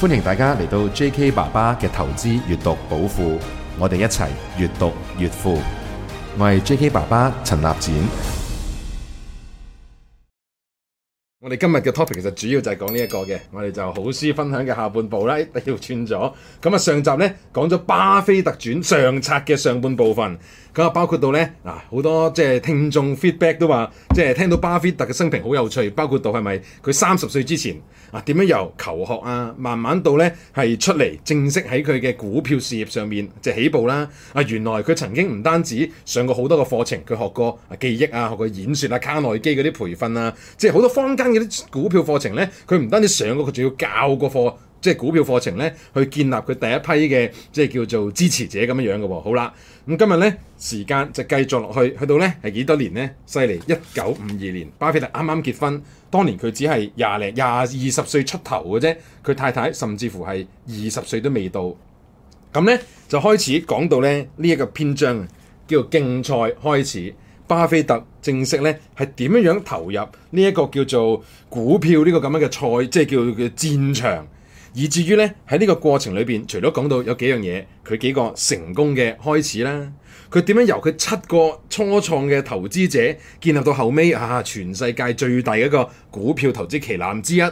歡迎大家嚟到 J.K. 爸爸嘅投資閱讀寶庫，我哋一齊越讀越富。我係 J.K. 爸爸陳立展。我哋今日嘅 topic 其實主要就係講呢、這、一個嘅，我哋就好書分享嘅下半部啦，一定要卷咗。咁啊，上集呢講咗巴菲特傳上冊嘅上半部分。咁啊，包括到咧嗱，好多即係聽眾 feedback 都話，即係聽到巴菲特嘅生平好有趣，包括到係咪佢三十歲之前啊，點樣由求學啊，慢慢到咧係出嚟正式喺佢嘅股票事業上面即係起步啦。啊，原來佢曾經唔單止上過好多個課程，佢學過啊記憶啊，學過演說啊，卡內基嗰啲培訓啊，即係好多坊間嘅啲股票課程咧，佢唔單止上過，佢仲要教個課，即係股票課程咧，去建立佢第一批嘅即係叫做支持者咁樣樣嘅喎。好啦。咁今日咧，時間就繼續落去，去到咧係幾多年咧？犀利，一九五二年，巴菲特啱啱結婚。當年佢只係廿零、廿二十歲出頭嘅啫，佢太太甚至乎係二十歲都未到。咁咧就開始講到咧呢一個篇章，叫做競賽開始。巴菲特正式咧係點樣樣投入呢一個叫做股票呢個咁樣嘅賽，即係叫做嘅戰場。以至於咧喺呢個過程裏邊，除咗講到有幾樣嘢，佢幾個成功嘅開始啦，佢點樣由佢七個初創嘅投資者建立到後尾啊全世界最大嘅一個股票投資旗艦之一，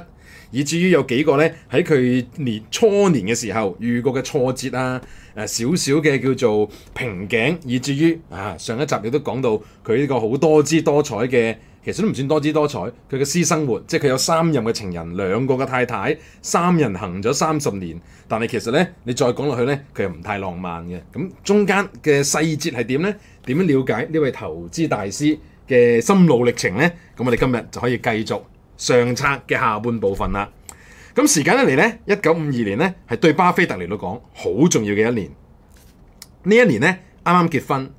以至於有幾個咧喺佢年初年嘅時候遇過嘅挫折啊，誒少少嘅叫做瓶頸，以至於啊上一集亦都講到佢呢個好多姿多彩嘅。其實都唔算多姿多彩。佢嘅私生活，即係佢有三任嘅情人，兩個嘅太太，三人行咗三十年。但係其實呢，你再講落去呢，佢又唔太浪漫嘅。咁中間嘅細節係點呢？點樣了解呢位投資大師嘅心路歷程呢？咁我哋今日就可以繼續上冊嘅下半部分啦。咁時間一嚟呢，一九五二年呢，係對巴菲特嚟到講好重要嘅一年。呢一年呢，啱啱結婚，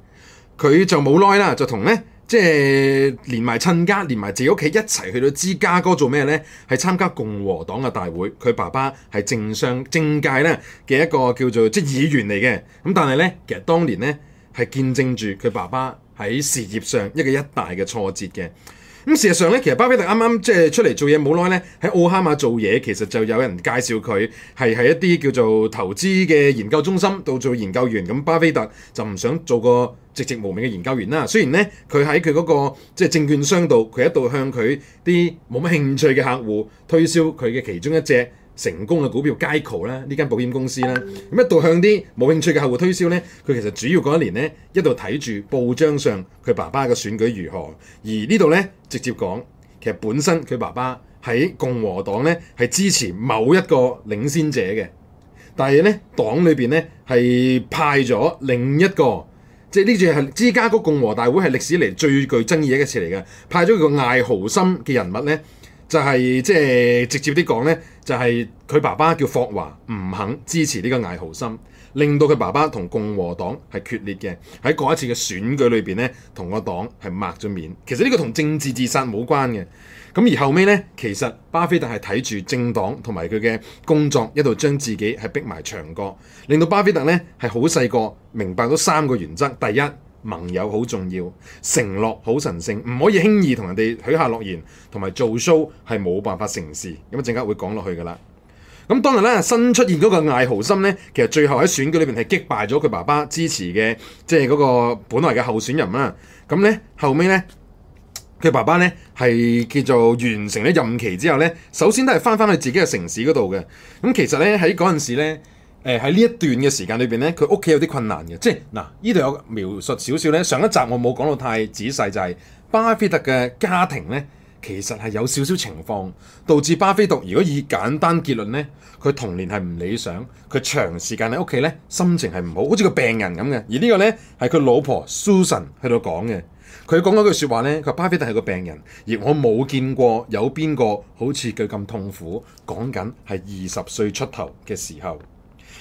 佢就冇耐啦，就同呢。即係連埋親家，連埋自己屋企一齊去到芝加哥做咩呢？係參加共和黨嘅大會。佢爸爸係政商政界咧嘅一個叫做即係議員嚟嘅。咁但係呢，其實當年呢，係見證住佢爸爸喺事業上一個一大嘅挫折嘅。咁事實上咧，其實巴菲特啱啱即係出嚟做嘢冇耐咧，喺奧哈馬做嘢，其實就有人介紹佢係喺一啲叫做投資嘅研究中心度做研究員。咁巴菲特就唔想做個籍籍無名嘅研究員啦。雖然咧，佢喺佢嗰個即係證券商度，佢一度向佢啲冇乜興趣嘅客戶推銷佢嘅其中一隻成功嘅股票 Geico，呢間保險公司啦，咁一度向啲冇興趣嘅客戶推銷咧，佢其實主要嗰一年咧，一度睇住報章上佢爸爸嘅選舉如何，而這裏呢度咧直接講，其實本身佢爸爸喺共和黨咧係支持某一個領先者嘅，但係咧黨裏邊咧係派咗另一個，即係呢次係芝加哥共和大會係歷史嚟最具爭議嘅一次嚟嘅，派咗一個艾豪心嘅人物咧，就係、是、即係直接啲講咧。就係佢爸爸叫霍華唔肯支持呢個艾豪森，令到佢爸爸同共和黨係決裂嘅。喺嗰一次嘅選舉裏面咧，同個黨係擘咗面。其實呢個同政治自殺冇關嘅。咁而後尾咧，其實巴菲特係睇住政黨同埋佢嘅工作，一度將自己係逼埋牆角，令到巴菲特咧係好細個明白咗三個原則。第一。盟友好重要，承諾好神聖，唔可以輕易同人哋許下諾言，同埋做 show 係冇辦法成事。咁啊，陣間會講落去噶啦。咁當然啦，新出現嗰個艾豪森咧，其實最後喺選舉裏面係擊敗咗佢爸爸支持嘅，即係嗰個本來嘅候選人啦。咁咧後尾咧，佢爸爸咧係叫做完成咗任期之後咧，首先都係翻翻去自己嘅城市嗰度嘅。咁其實咧喺嗰陣時咧。誒喺呢一段嘅時間裏面，咧，佢屋企有啲困難嘅，即係嗱，呢度有描述少少咧。上一集我冇講到太仔細，就係巴菲特嘅家庭咧，其實係有少少情況導致巴菲特。如果以簡單結論咧，佢童年係唔理想，佢長時間喺屋企咧，心情係唔好，好似個病人咁嘅。而呢個咧係佢老婆 Susan 喺度講嘅。佢講咗句說話咧，佢巴菲特係個病人，而我冇見過有邊個好似佢咁痛苦，講緊係二十歲出頭嘅時候。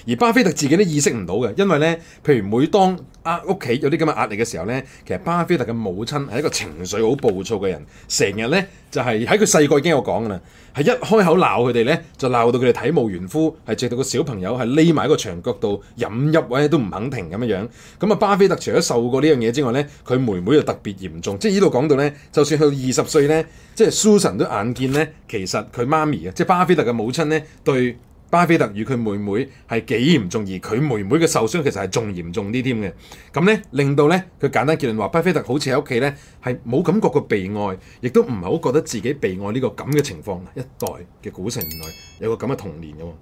而巴菲特自己都意識唔到嘅，因為咧，譬如每當屋企有啲咁嘅壓力嘅時候咧，其實巴菲特嘅母親係一個情緒好暴躁嘅人，成日咧就係喺佢細個已經有講噶啦，係一開口鬧佢哋咧，就鬧到佢哋體無完膚，係直到個小朋友係匿埋喺個牆角度飲泣位都唔肯停咁樣樣。咁啊，巴菲特除咗受過呢樣嘢之外咧，佢妹妹就特別嚴重，即係呢度講到咧，就算去到二十歲咧，即係 Susan 都眼見咧，其實佢媽咪啊，即係巴菲特嘅母親咧對。巴菲特與佢妹妹係幾嚴重，而佢妹妹嘅受傷其實係仲嚴重啲添嘅。咁咧令到咧佢簡單結論話，巴菲特好似喺屋企咧係冇感覺過被愛，亦都唔係好覺得自己被愛呢個咁嘅情況。一代嘅股神原來有個咁嘅童年嘅喎。咁、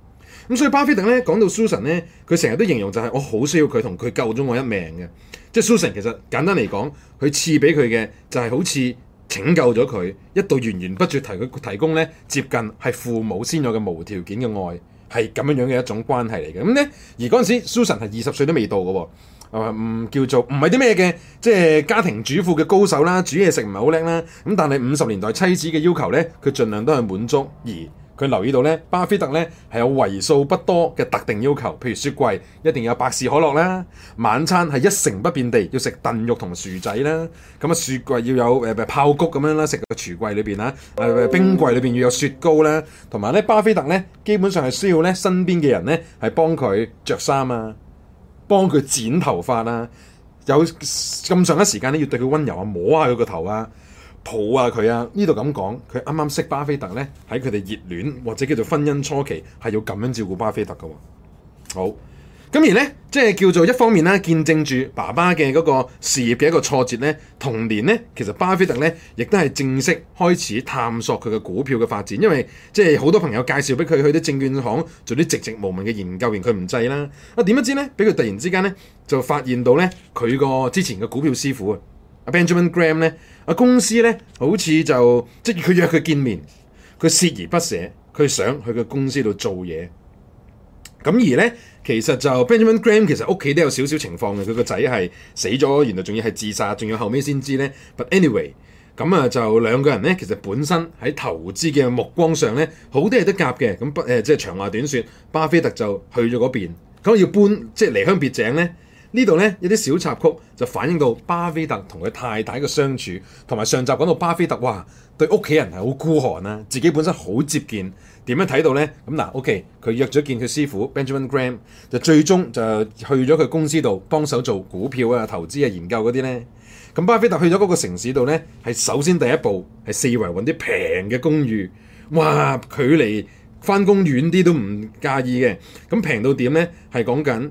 嗯、所以巴菲特咧講到 Susan 咧，佢成日都形容就係、是、我好需要佢同佢救咗我一命嘅。即係 Susan 其實簡單嚟講，佢賜俾佢嘅就係、是、好似拯救咗佢，一度源源不絕提佢提供咧接近係父母先有嘅無條件嘅愛。係咁樣樣嘅一種關係嚟嘅，咁呢，而嗰陣時 Susan 係二十歲都未到嘅喎，唔、呃嗯、叫做唔係啲咩嘅，即係家庭主婦嘅高手啦，煮嘢食唔係好叻啦，咁但係五十年代妻子嘅要求呢，佢盡量都係滿足而。佢留意到咧，巴菲特咧係有為數不多嘅特定要求，譬如雪櫃一定要有百事可樂啦，晚餐係一成不變地要食燉肉同薯仔啦，咁、嗯、啊雪櫃要有、呃、爆谷咁樣啦，食個廚櫃裏邊啊，冰櫃裏面要有雪糕啦，同埋咧巴菲特咧基本上係需要咧身邊嘅人咧係幫佢着衫啊，幫佢剪頭髮啦、啊，有咁長嘅時間咧要對佢溫柔啊，摸下佢個頭啊。抱啊佢啊！呢度咁講，佢啱啱識巴菲特呢，喺佢哋熱戀或者叫做婚姻初期，係要咁樣照顧巴菲特噶。好，咁而呢，即係叫做一方面啦，見證住爸爸嘅嗰個事業嘅一個挫折呢。同年呢，其實巴菲特呢，亦都係正式開始探索佢嘅股票嘅發展，因為即係好多朋友介紹俾佢去啲證券行做啲籍籍無名嘅研究員，佢唔制啦。啊，點樣知呢？俾佢突然之間呢，就發現到呢，佢個之前嘅股票師傅啊，Benjamin Graham 呢。啊公司咧，好似就即係佢約佢見面，佢鍥而不捨，佢想去佢公司度做嘢。咁而咧，其實就 Benjamin Graham 其實屋企都有少少情況嘅，佢個仔係死咗，原來仲要係自殺，仲要後尾先知咧。But anyway，咁啊就兩個人咧，其實本身喺投資嘅目光上咧，好多嘢都夾嘅。咁不即係長話短説，巴菲特就去咗嗰邊，咁要搬即係離鄉別井咧。呢度呢，一啲小插曲就反映到巴菲特同佢太太嘅相處，同埋上集講到巴菲特哇，對屋企人係好孤寒啊，自己本身好節儉，點樣睇到呢？咁、嗯、嗱，OK，佢約咗見佢師傅 Benjamin Graham，就最終就去咗佢公司度幫手做股票啊、投資啊、研究嗰啲呢。咁巴菲特去咗嗰個城市度呢，係首先第一步係四圍揾啲平嘅公寓，哇！距離翻工遠啲都唔介意嘅。咁平到點呢？係講緊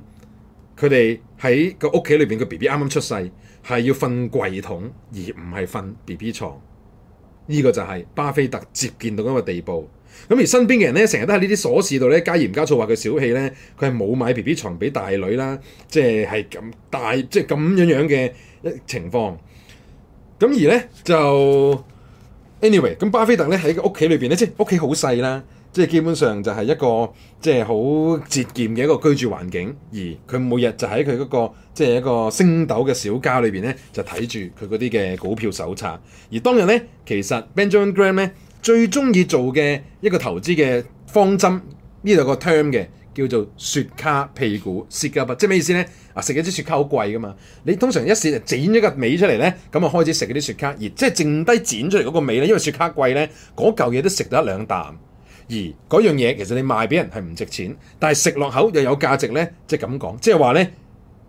佢哋。喺個屋企裏邊，個 B B 啱啱出世係要瞓櫃桶而唔係瞓 B B 床。呢、呢個就係巴菲特接見到咁嘅地步。咁而身邊嘅人咧，成日都喺呢啲瑣事度咧加鹽加醋話佢小氣咧，佢係冇買 B B 床俾大女啦，即係係咁大即係咁樣樣嘅情況。咁而咧就 anyway，咁巴菲特咧喺個屋企裏邊咧，即係屋企好細啦。即係基本上就係一個即係好節儉嘅一個居住環境，而佢每日就喺佢嗰個即係、就是、一個星斗嘅小家裏面咧，就睇住佢嗰啲嘅股票手冊。而當日咧，其實 Benjamin Graham 咧最中意做嘅一個投資嘅方針，呢度個 term 嘅叫做雪茄屁股雪茄，即係咩意思咧？啊，食嗰啲雪茄好貴㗎嘛，你通常一試就剪咗個尾出嚟咧，咁啊開始食嗰啲雪茄，而即係剩低剪出嚟嗰個尾咧，因為雪茄貴咧，嗰嚿嘢都食得一兩啖。而嗰樣嘢其實你賣俾人係唔值錢，但係食落口又有價值呢。即係咁講，即係話呢，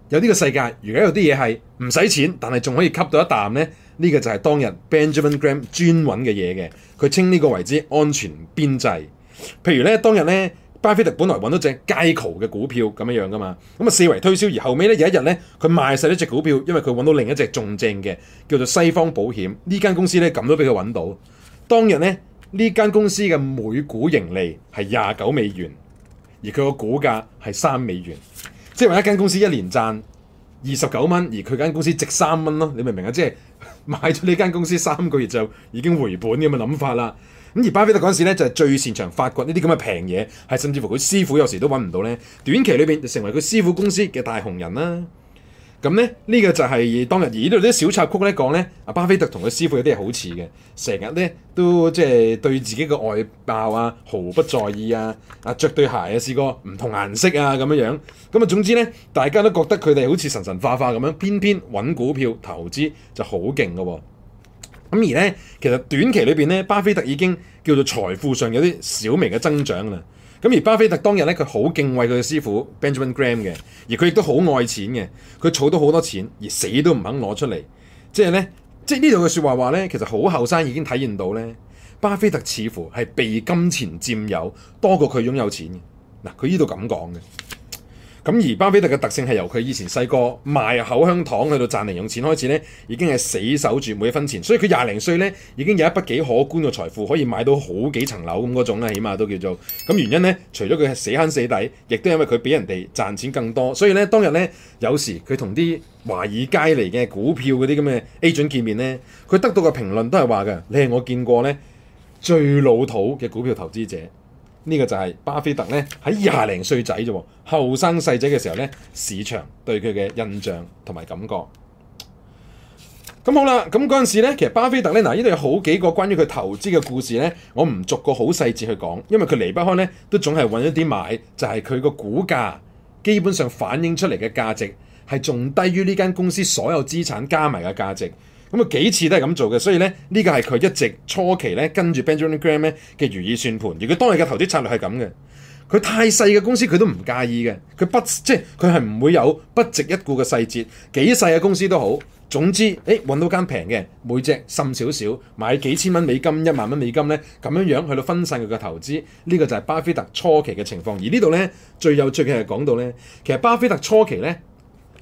有呢個世界，如果有啲嘢係唔使錢，但係仲可以吸到一啖呢，呢、這個就係當日 Benjamin Graham 專揾嘅嘢嘅，佢稱呢個為之安全邊際。譬如呢，當日呢，巴菲特本來揾到隻街 e 嘅股票咁樣樣噶嘛，咁啊四圍推銷，而後尾呢，有一日呢，佢賣晒呢隻股票，因為佢揾到另一隻重症嘅叫做西方保險呢間公司呢，咁都俾佢揾到。當日呢。呢間公司嘅每股盈利係廿九美元，而佢個股價係三美元，即係話一間公司一年賺二十九蚊，而佢間公司值三蚊咯，你明唔明啊？即係買咗呢間公司三個月就已經回本咁嘅諗法啦。咁而巴菲特嗰陣時咧，就係最擅長發掘呢啲咁嘅平嘢，係甚至乎佢師傅有時都揾唔到咧，短期裏邊就成為佢師傅公司嘅大紅人啦。咁咧，這呢、這個就係當日而呢度啲小插曲咧講咧，阿巴菲特同佢師傅有啲係好似嘅，成日咧都即係對自己嘅外貌啊毫不在意啊，啊著對鞋啊試過唔同顏色啊咁樣樣，咁啊總之咧，大家都覺得佢哋好似神神化化咁樣，偏偏揾股票投資就好勁嘅喎。咁而咧，其實短期裏邊咧，巴菲特已經叫做財富上有啲小微嘅增長啦。咁而巴菲特當日咧，佢好敬畏佢嘅師傅 Benjamin Graham 嘅，而佢亦都好愛錢嘅，佢儲到好多錢，而死都唔肯攞出嚟。即係咧，即呢度嘅說話話咧，其實好後生已經體驗到咧，巴菲特似乎係被金錢佔有多過佢擁有錢嘅。嗱，佢呢度咁講嘅。咁而巴菲特嘅特性係由佢以前細個賣口香糖去到賺零用錢開始咧，已經係死守住每一分錢，所以佢廿零歲咧已經有一筆幾可觀嘅財富，可以買到好幾層樓咁嗰種咧，起碼都叫做，咁原因咧，除咗佢死慳死抵，亦都因為佢俾人哋賺錢更多，所以咧，當日咧有時佢同啲華爾街嚟嘅股票嗰啲咁嘅 agent 見面咧，佢得到嘅評論都係話嘅，你係我見過咧最老土嘅股票投資者。呢個就係巴菲特咧，喺廿零歲仔啫喎，後生細仔嘅時候咧，市場對佢嘅印象同埋感覺。咁好啦，咁嗰陣時咧，其實巴菲特咧，嗱，呢度有好幾個關於佢投資嘅故事咧，我唔逐個好細節去講，因為佢離不開咧，都總係揾一啲買，就係佢個股價基本上反映出嚟嘅價值係仲低於呢間公司所有資產加埋嘅價值。咁啊幾次都係咁做嘅，所以咧，呢個係佢一直初期咧，跟住 Benjamin Graham 咧嘅如意算盤，而佢當日嘅投資策略係咁嘅。佢太細嘅公司佢都唔介意嘅，佢不即係佢係唔會有不值一顧嘅細節，幾細嘅公司都好。總之，誒、欸、揾到間平嘅，每隻滲少少，買幾千蚊美金，一萬蚊美金咧咁樣樣去到分散佢嘅投資。呢、這個就係巴菲特初期嘅情況。而呢度咧，最有趣嘅係講到咧，其實巴菲特初期咧。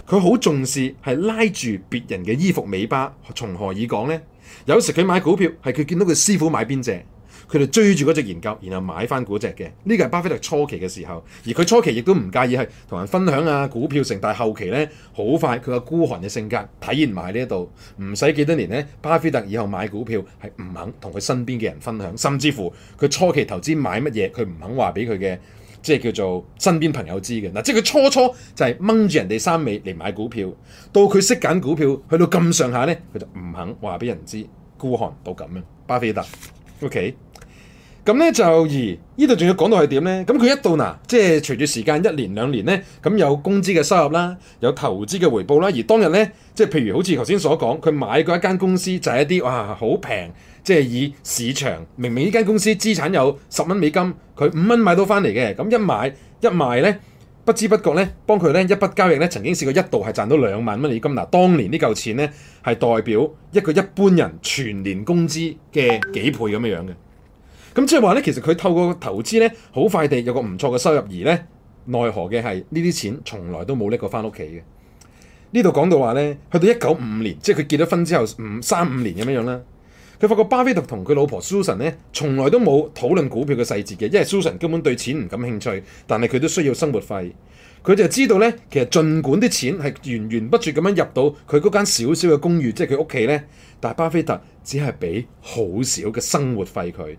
佢好重視係拉住別人嘅衣服尾巴，從何以講呢？有時佢買股票係佢見到佢師傅買邊隻，佢就追住嗰隻研究，然後買返嗰隻嘅。呢個係巴菲特初期嘅時候，而佢初期亦都唔介意係同人分享啊股票成。但係後期呢，好快佢個孤寒嘅性格體現埋呢度，唔使幾多年呢，巴菲特以後買股票係唔肯同佢身邊嘅人分享，甚至乎佢初期投資買乜嘢，佢唔肯話俾佢嘅。即係叫做身邊朋友知嘅嗱，即係佢初初就係掹住人哋衫尾嚟買股票，到佢識揀股票，去到咁上下咧，佢就唔肯話俾人知，孤寒到咁嘅巴菲特。OK，咁咧就而呢度仲要講到係點咧？咁佢一到嗱，即係隨住時間一年兩年咧，咁有工資嘅收入啦，有投資嘅回報啦，而當日咧，即係譬如好似頭先所講，佢買過一間公司就係、是、一啲哇好平。即係以市場，明明呢間公司資產有十蚊美金，佢五蚊買到翻嚟嘅。咁一買一賣呢，不知不覺呢，幫佢呢一筆交易呢，曾經試過一度係賺到兩萬蚊美金嗱。當年呢嚿錢呢，係代表一個一般人全年工資嘅幾倍咁樣樣嘅。咁即係話呢，其實佢透過投資呢，好快地有個唔錯嘅收入而呢，奈何嘅係呢啲錢從來都冇拎過翻屋企嘅。呢度講到話呢，去到一九五年，即係佢結咗婚之後五三五年咁樣樣啦。佢發覺巴菲特同佢老婆 Susan 咧，從來都冇討論股票嘅細節嘅，因為 Susan 根本對錢唔感興趣，但係佢都需要生活費。佢就知道咧，其實儘管啲錢係源源不絕咁樣入到佢嗰間小小嘅公寓，即係佢屋企咧，但係巴菲特只係俾好少嘅生活費佢。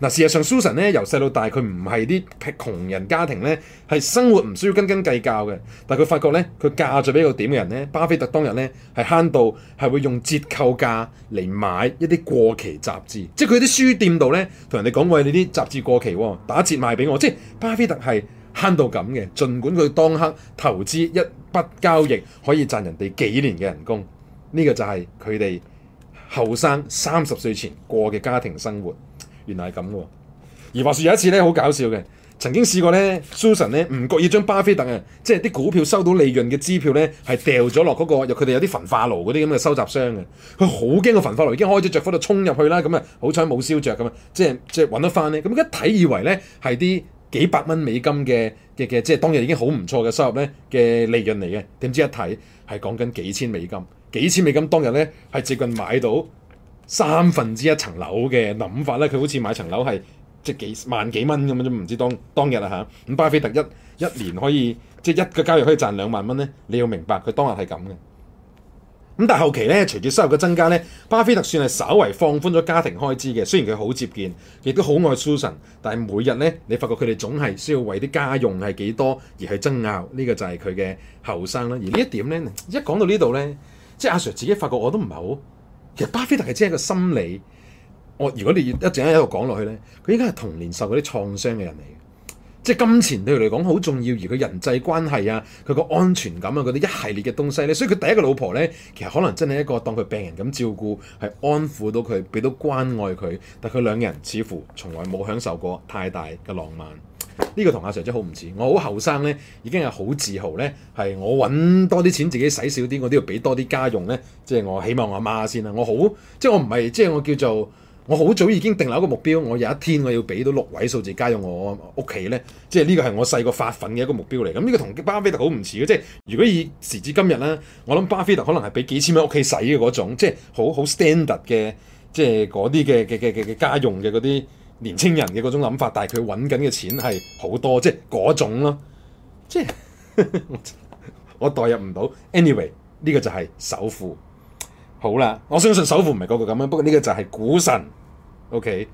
嗱，事實上 Susan 咧由細到大，佢唔係啲窮人家庭咧，係生活唔需要斤斤計較嘅。但佢發覺咧，佢嫁咗俾個點嘅人咧，巴菲特當日咧係慳到係會用折扣價嚟買一啲過期雜誌，即係佢啲書店度咧同人哋講，喂，你啲雜誌過期喎、哦，打折賣俾我。即係巴菲特係慳到咁嘅，儘管佢當刻投資一筆交易可以賺人哋幾年嘅人工，呢、呢個就係佢哋後生三十歲前過嘅家庭生活。原來係咁喎，而話説有一次咧，好搞笑嘅，曾經試過咧，Susan 咧唔覺意將巴菲特呀，即係啲股票收到利潤嘅支票咧，係掉咗落嗰個，佢哋有啲焚化爐嗰啲咁嘅收集箱嘅，佢好驚個焚化爐已經開始着火，就衝入去啦，咁啊好彩冇燒着咁啊，即係即係搵得返咧，咁一睇以為咧係啲幾百蚊美金嘅嘅嘅，即係當日已經好唔錯嘅收入咧嘅利潤嚟嘅，點知一睇係講緊幾千美金，幾千美金當日咧係接近買到。三分之一層樓嘅諗法咧，佢好似買層樓係即幾萬幾蚊咁樣啫，唔知當當日啊嚇。咁巴菲特一一年可以即一個交易可以賺兩萬蚊咧，你要明白佢當日係咁嘅。咁但係後期咧，隨住收入嘅增加咧，巴菲特算係稍微放寬咗家庭開支嘅。雖然佢好節儉，亦都好愛 Susan，但係每日咧，你發覺佢哋總係需要為啲家用係幾多而去爭拗。呢個就係佢嘅後生啦。而呢一點咧，一講到呢度咧，即阿 Sir 自己發覺我都唔係好。其實巴菲特係即係一個心理，我如果你要一陣間喺度講落去咧，佢應該係童年受嗰啲創傷嘅人嚟嘅，即係金錢對佢嚟講好重要，而佢人際關係啊、佢個安全感啊嗰啲一系列嘅東西咧，所以佢第一個老婆咧，其實可能真係一個當佢病人咁照顧，係安撫到佢，俾到關愛佢，但佢兩人似乎從來冇享受過太大嘅浪漫。呢個同阿常姐好唔似，我好後生呢，已經係好自豪呢。係我揾多啲錢自己使少啲，我都要俾多啲家用呢。即係我希望我阿媽先啦。我好即係我唔係即係我叫做我好早已經定立一個目標，我有一天我要俾到六位數字家用我屋企呢。即係呢個係我細個發奮嘅一個目標嚟。咁、這、呢個同巴菲特好唔似嘅，即係如果以時至今日呢，我諗巴菲特可能係俾幾千蚊屋企使嘅嗰種，即係好好 standard 嘅，即係嗰啲嘅嘅嘅嘅家用嘅嗰啲。年青人嘅嗰種諗法，但係佢揾緊嘅錢係好多，即係嗰種咯，即係我代入唔到。Anyway 呢個就係首富，好啦，我相信首富唔係個個咁樣，不過呢個就係股神。OK，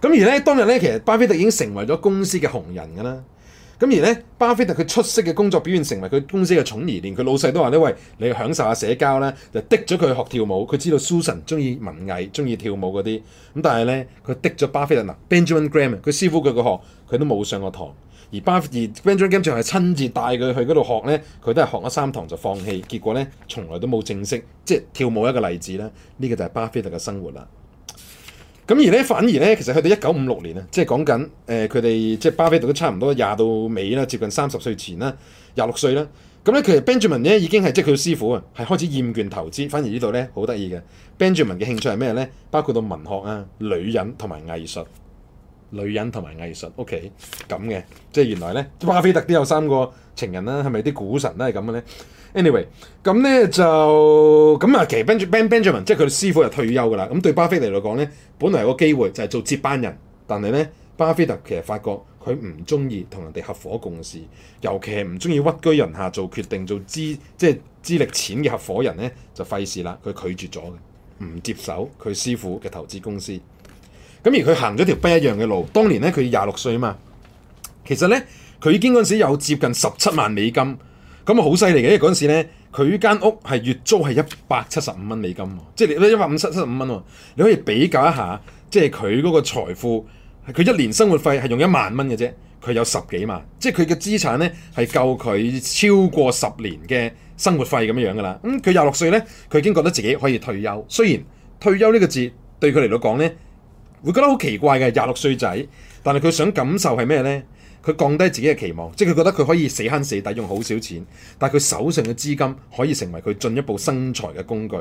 咁而咧當日咧，其實巴菲特已經成為咗公司嘅紅人㗎啦。咁而咧，巴菲特佢出色嘅工作表現成為佢公司嘅寵兒，連佢老細都話呢：「喂，你享受下社交啦！」就逼咗佢學跳舞。佢知道 Susan 中意文藝、中意跳舞嗰啲。咁但係咧，佢逼咗巴菲特嗱，Benjamin Graham 佢師傅佢個學佢都冇上過堂。而巴而 Benjamin Graham 仲係親自帶佢去嗰度學咧，佢都係學咗三堂就放棄。結果咧，從來都冇正式即係跳舞一個例子啦。呢個就係巴菲特嘅生活啦。咁而咧，反而咧，其實去到一九五六年啊，即係講緊佢哋即係巴菲特都差唔多廿到尾啦，接近三十歲前啦，廿六歲啦。咁、嗯、咧，其實 Benjamin 咧已經係即係佢師傅啊，係開始厭倦投資。反而呢度咧好得意嘅 Benjamin 嘅興趣係咩咧？包括到文學啊、女人同埋藝術、女人同埋藝術。OK，咁嘅即係原來咧，巴菲特都有三個情人啦、啊，係咪啲股神都係咁嘅咧？anyway，咁咧就咁啊，其實 Ben Benjamin 即係佢師傅又退休㗎啦。咁對巴菲特嚟講咧，本嚟有個機會就係做接班人，但係咧巴菲特其實發覺佢唔中意同人哋合夥共事，尤其係唔中意屈居人下做決定、做資即係、就是、資力淺嘅合夥人咧就費事啦，佢拒絕咗嘅，唔接手佢師傅嘅投資公司。咁而佢行咗條不一樣嘅路，當年咧佢廿六歲啊嘛，其實咧佢已經嗰陣時有接近十七萬美金。咁好犀利嘅！嗰陣時咧，佢間屋係月租係一百七十五蚊美金，即係你一百五七七十五蚊喎。你可以比較一下，即係佢嗰個財富，佢一年生活費係用一萬蚊嘅啫，佢有十幾萬，即係佢嘅資產咧，係夠佢超過十年嘅生活費咁樣樣噶啦。嗯，佢廿六歲咧，佢已經覺得自己可以退休。雖然退休呢個字對佢嚟到講咧，會覺得好奇怪嘅，廿六歲仔，但係佢想感受係咩咧？佢降低自己嘅期望，即係佢覺得佢可以死慳死抵用好少錢，但係佢手上嘅資金可以成為佢進一步生財嘅工具。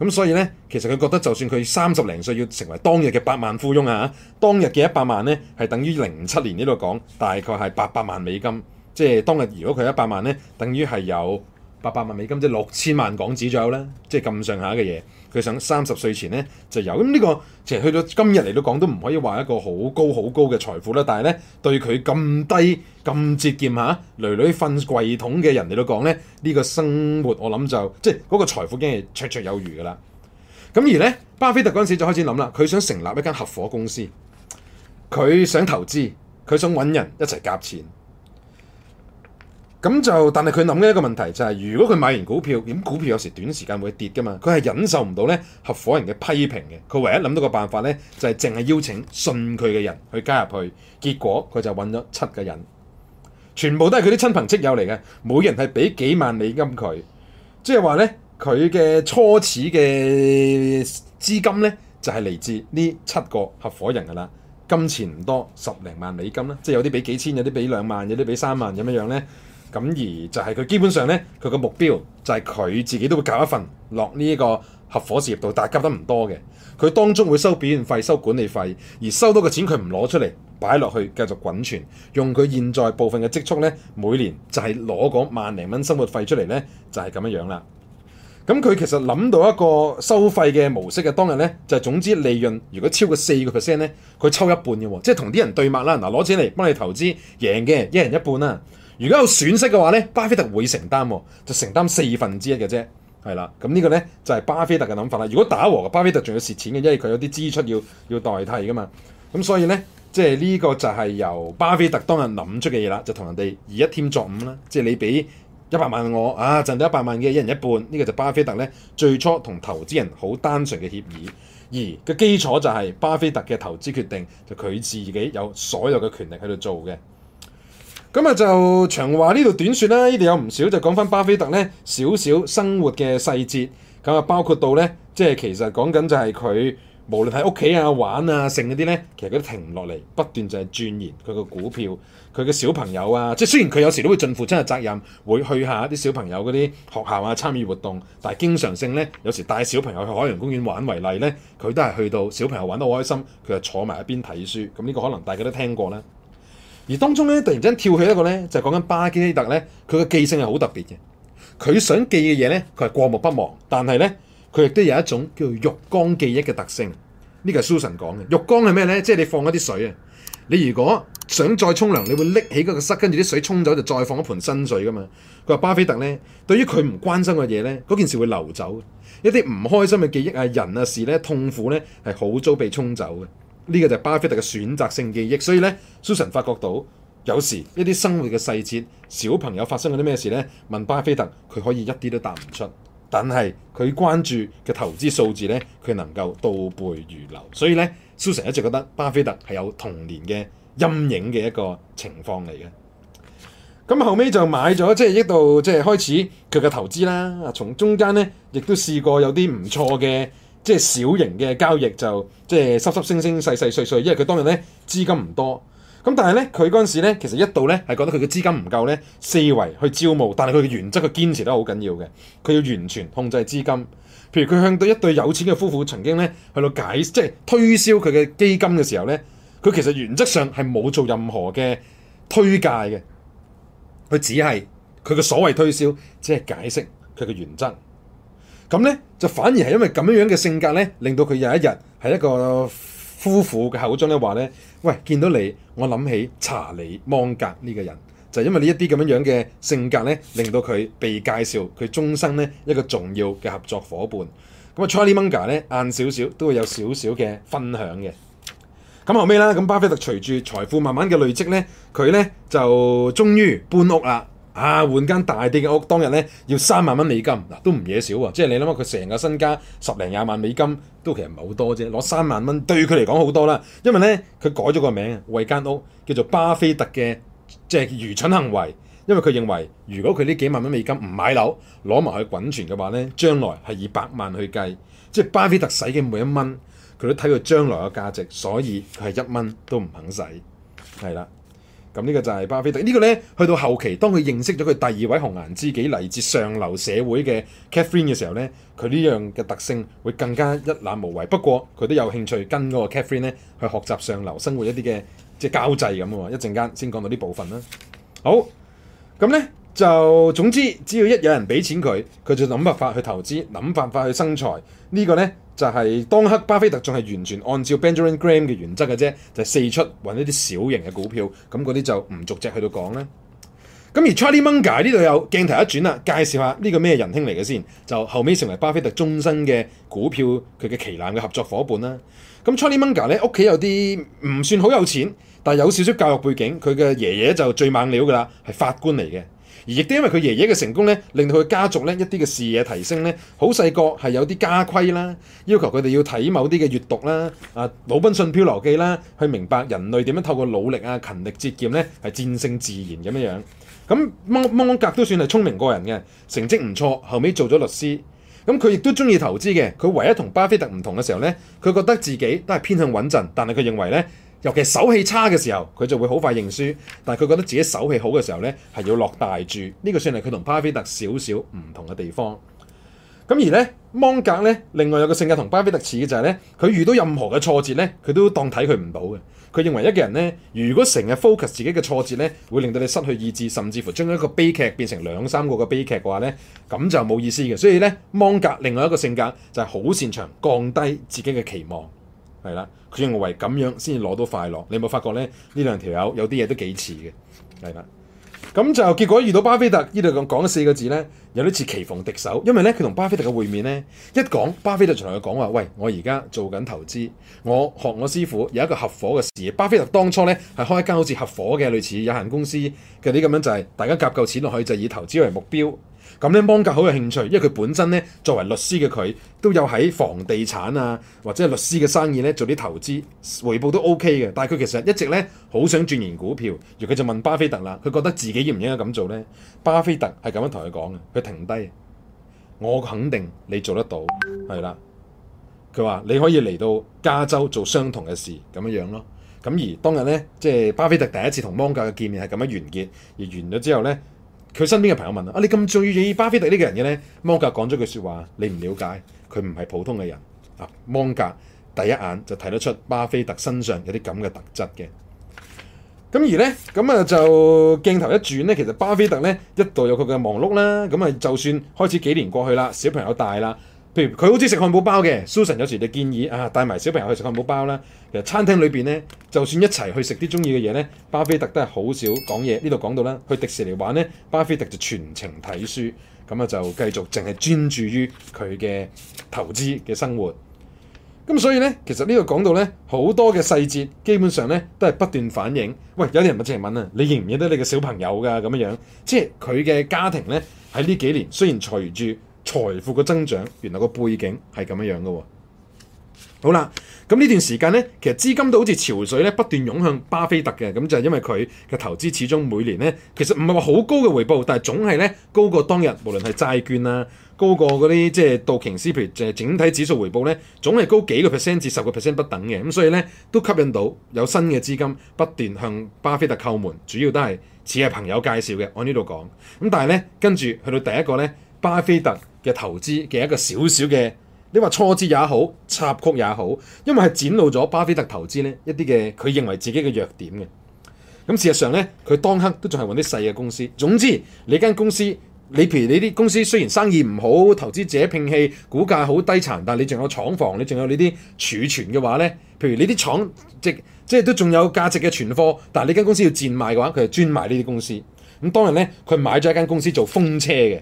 咁所以呢，其實，佢覺得就算佢三十零歲要成為當日嘅百萬富翁啊，當日嘅一百萬呢，係等於零七年呢度講，大概係八百萬美金。即係當日如果佢一百萬呢，等於係有。八百萬美金即係六千萬港紙左右啦，即係咁上下嘅嘢，佢想三十歲前咧就有咁呢個，其實去到今日嚟到講都唔可以話一個好高好高嘅財富啦。但係咧對佢咁低咁節儉吓，女女瞓櫃桶嘅人嚟到講咧，呢個生活我諗就即係嗰個財富已經係綽綽有餘㗎啦。咁而咧巴菲特嗰陣時就開始諗啦，佢想成立一間合夥公司，佢想投資，佢想揾人一齊夾錢。咁就，但係佢諗嘅一個問題就係，如果佢買完股票，咁股票有時短時間會跌噶嘛，佢係忍受唔到咧合夥人嘅批評嘅。佢唯一諗到一個辦法咧，就係淨係邀請信佢嘅人去加入去。結果佢就揾咗七個人，全部都係佢啲親朋戚友嚟嘅，每人係俾幾萬美金佢。即係話咧，佢嘅初始嘅資金咧就係嚟自呢七個合夥人噶啦，金錢唔多，十零萬美金啦，即係有啲俾幾千，有啲俾兩萬，有啲俾三萬咁樣樣咧。咁而就係佢基本上呢，佢個目標就係佢自己都會搞一份落呢個合伙事業度，大家搞得唔多嘅。佢當中會收表現費、收管理費，而收到嘅錢佢唔攞出嚟，擺落去繼續滾存，用佢現在部分嘅積蓄呢，每年就係攞嗰萬零蚊生活費出嚟呢，就係咁樣樣啦。咁佢其實諗到一個收費嘅模式嘅，當日呢，就係總之利潤如果超過四個 percent 呢，佢抽一半嘅，即係同啲人對麥啦，嗱，攞錢嚟幫你投資贏嘅，一人一半啦。如果有損失嘅話咧，巴菲特會承擔，就承擔四分之一嘅啫，係啦。咁呢個咧就係、是、巴菲特嘅諗法啦。如果打和，巴菲特仲要蝕錢嘅，因為佢有啲支出要要代替噶嘛。咁所以咧，即係呢個就係由巴菲特當日諗出嘅嘢啦，就同人哋二一添作五啦，即係你俾一百萬我，啊賺到一百萬嘅一人一半，呢、這個就巴菲特咧最初同投資人好單純嘅協議，而個基礎就係巴菲特嘅投資決定就佢自己有所有嘅權力喺度做嘅。咁啊就長話呢度短說啦，呢度有唔少就講翻巴菲特呢少少生活嘅細節，咁啊包括到呢，即係其實講緊就係佢無論喺屋企啊玩啊剩嗰啲呢，其實佢都停唔落嚟，不斷就係鑽研佢個股票，佢嘅小朋友啊，即係雖然佢有時都會盡父親嘅責任，會去一下啲小朋友嗰啲學校啊參與活動，但係經常性呢，有時帶小朋友去海洋公園玩為例呢，佢都係去到小朋友玩得好開心，佢就坐埋一邊睇書，咁呢個可能大家都聽過啦。而當中咧，突然間跳起一個咧，就係、是、講緊巴菲特咧，佢嘅記性係好特別嘅。佢想記嘅嘢咧，佢係過目不忘，但係咧，佢亦都有一種叫做浴缸記憶嘅特性。呢個係 Susan 講嘅。浴缸係咩咧？即係你放一啲水啊！你如果想再沖涼，你會拎起嗰個塞，跟住啲水沖走，就再放一盆新水噶嘛。佢話巴菲特咧，對於佢唔關心嘅嘢咧，嗰件事會流走。一啲唔開心嘅記憶啊、人啊、事咧，痛苦咧係好早被沖走嘅。呢個就係巴菲特嘅選擇性記憶，所以咧，Susan 發覺到有時一啲生活嘅細節，小朋友發生咗啲咩事咧，問巴菲特，佢可以一啲都答唔出，但係佢關注嘅投資數字咧，佢能夠倒背如流，所以咧，Susan 一直覺得巴菲特係有童年嘅陰影嘅一個情況嚟嘅。咁後尾就買咗，即係益到即係開始佢嘅投資啦。啊，從中間咧，亦都試過有啲唔錯嘅。即係小型嘅交易就即係濕濕星星細細碎碎，因為佢當日咧資金唔多。咁但係咧佢嗰陣時咧，其實一度咧係覺得佢嘅資金唔夠咧，四圍去招募。但係佢嘅原則佢堅持得好緊要嘅。佢要完全控制資金。譬如佢向對一對有錢嘅夫婦曾經咧去到解，即係推銷佢嘅基金嘅時候咧，佢其實原則上係冇做任何嘅推介嘅。佢只係佢嘅所謂推銷，只係解釋佢嘅原則。咁咧就反而係因為咁樣樣嘅性格咧，令到佢有一日係一個夫婦嘅口中咧話咧：喂，見到你，我諗起查理芒格呢個人，就係因為呢一啲咁樣樣嘅性格咧，令到佢被介紹佢終生咧一個重要嘅合作伙伴。咁啊，查理芒格咧晏少少都會有少少嘅分享嘅。咁後尾啦，咁巴菲特隨住財富慢慢嘅累積咧，佢咧就終於搬屋啦。啊！換間大啲嘅屋，當日咧要三萬蚊美金，嗱都唔嘢少啊。即係你諗下，佢成個身家十零廿萬美金，都其實唔係好多啫。攞三萬蚊對佢嚟講好多啦。因為咧，佢改咗個名，為間屋叫做巴菲特嘅即係愚蠢行為。因為佢認為，如果佢呢幾萬蚊美金唔買樓，攞埋去滾存嘅話咧，將來係以百萬去計。即係巴菲特使嘅每一蚊，佢都睇佢將來嘅價值，所以佢係一蚊都唔肯使，係啦。咁呢個就係巴菲特呢、呢個呢，去到後期，當佢認識咗佢第二位紅顏知己嚟自上流社會嘅 Catherine 嘅時候呢，佢呢樣嘅特性會更加一覽無遺。不過佢都有興趣跟嗰個 Catherine 呢去學習上流生活一啲嘅即係交際咁喎。一陣間先講到呢部分啦。好，咁呢，就總之，只要一有人俾錢佢，佢就諗辦法去投資，諗辦法去生財。呢、呢個呢。就係當刻，巴菲特仲係完全按照 Benjamin Graham 嘅原則嘅啫，就四出揾一啲小型嘅股票，咁嗰啲就唔逐隻去到講啦。咁而 Charlie Munger 呢度又鏡頭一轉啦，介紹下呢個咩仁兄嚟嘅先，就後尾成為巴菲特終身嘅股票佢嘅旗艦嘅合作伙伴啦。咁 Charlie Munger 咧屋企有啲唔算好有錢，但係有少少教育背景，佢嘅爺爺就最猛料噶啦，係法官嚟嘅。亦都因為佢爺爺嘅成功咧，令到佢家族咧一啲嘅視野提升咧，好細個係有啲家規啦，要求佢哋要睇某啲嘅閲讀啦，啊《魯賓遜漂流記》啦，去明白人類點樣透過努力啊勤力節儉咧，係戰勝自然咁樣樣。咁芒芒格都算係聰明過人嘅，成績唔錯，後尾做咗律師。咁佢亦都中意投資嘅，佢唯一同巴菲特唔同嘅時候咧，佢覺得自己都係偏向穩陣，但係佢認為咧，尤其手氣差嘅時候，佢就會好快認輸。但係佢覺得自己手氣好嘅時候呢，係要落大注。呢個算係佢同巴菲特少少唔同嘅地方。咁而呢，芒格呢，另外有個性格同巴菲特似嘅就係呢：佢遇到任何嘅挫折呢，佢都當睇佢唔到嘅。佢認為一個人呢，如果成日 focus 自己嘅挫折呢，會令到你失去意志，甚至乎將一個悲劇變成兩三個嘅悲劇嘅話呢，咁就冇意思嘅。所以呢，芒格另外一個性格就係好擅長降低自己嘅期望。係啦，佢認為咁樣先至攞到快樂。你有冇發覺咧？呢兩條友有啲嘢都幾似嘅，係啦。咁就結果遇到巴菲特呢度咁講四個字咧，有啲似棋逢敵手。因為咧，佢同巴菲特嘅會面咧，一講巴菲特就同佢講話：，喂，我而家做緊投資，我學我師傅有一個合伙嘅事業巴菲特當初咧係開一間好似合伙嘅類似有限公司嘅啲咁樣、就是，就係大家夾夠錢落去，就以投資為目標。咁咧，芒格好有興趣，因為佢本身咧作為律師嘅佢，都有喺房地產啊或者係律師嘅生意咧做啲投資，回報都 O K 嘅。但係佢其實一直咧好想轉型股票，而佢就問巴菲特啦，佢覺得自己應唔應該咁做咧？巴菲特係咁樣同佢講嘅，佢停低，我肯定你做得到，係啦。佢話你可以嚟到加州做相同嘅事咁樣樣咯。咁而當日咧，即係巴菲特第一次同芒格嘅見面係咁樣完結，而完咗之後咧。佢身邊嘅朋友問啦：啊，你咁中意巴菲特呢個人嘅咧？芒格講咗句説話：你唔了解佢唔係普通嘅人啊！芒格第一眼就睇得出巴菲特身上有啲咁嘅特質嘅。咁而咧，咁啊就鏡頭一轉咧，其實巴菲特咧一度有佢嘅忙碌啦。咁啊，就算開始幾年過去啦，小朋友大啦，譬如佢好中意食漢堡包嘅，Susan 有時就建議啊，帶埋小朋友去食漢堡包啦。餐廳裏邊咧，就算一齊去食啲中意嘅嘢咧，巴菲特都係好少講嘢。呢度講到啦，去迪士尼玩咧，巴菲特就全程睇書，咁啊就繼續淨係專注於佢嘅投資嘅生活。咁所以咧，其實呢度講到咧好多嘅細節，基本上咧都係不斷反映。喂，有啲人咪淨係問啊，你認唔認得你嘅小朋友㗎咁樣樣？即係佢嘅家庭咧喺呢幾年，雖然隨住財富嘅增長，原來個背景係咁樣樣嘅喎。好啦，咁呢段時間呢，其實資金都好似潮水咧不斷湧向巴菲特嘅，咁就係因為佢嘅投資始終每年呢，其實唔係話好高嘅回報，但係總係呢，高過當日無論係債券啊，高過嗰啲即係道瓊斯，譬如就係整體指數回報呢，總係高幾個 percent 至十個 percent 不等嘅，咁所以呢，都吸引到有新嘅資金不斷向巴菲特叩門，主要都係似係朋友介紹嘅，我呢度講，咁但係呢，跟住去到第一個呢，巴菲特嘅投資嘅一個小小嘅。你話挫折也好，插曲也好，因為係展露咗巴菲特投資咧一啲嘅佢認為自己嘅弱點嘅。咁事實上咧，佢當刻都仲係揾啲細嘅公司。總之，你間公司，你譬如你啲公司雖然生意唔好，投資者摒棄，股價好低殘，但係你仲有廠房，你仲有呢啲儲存嘅話咧，譬如你啲廠即即係都仲有價值嘅存貨，但係你間公司要賤賣嘅話，佢係專買呢啲公司。咁當然咧，佢買咗一間公司做風車嘅。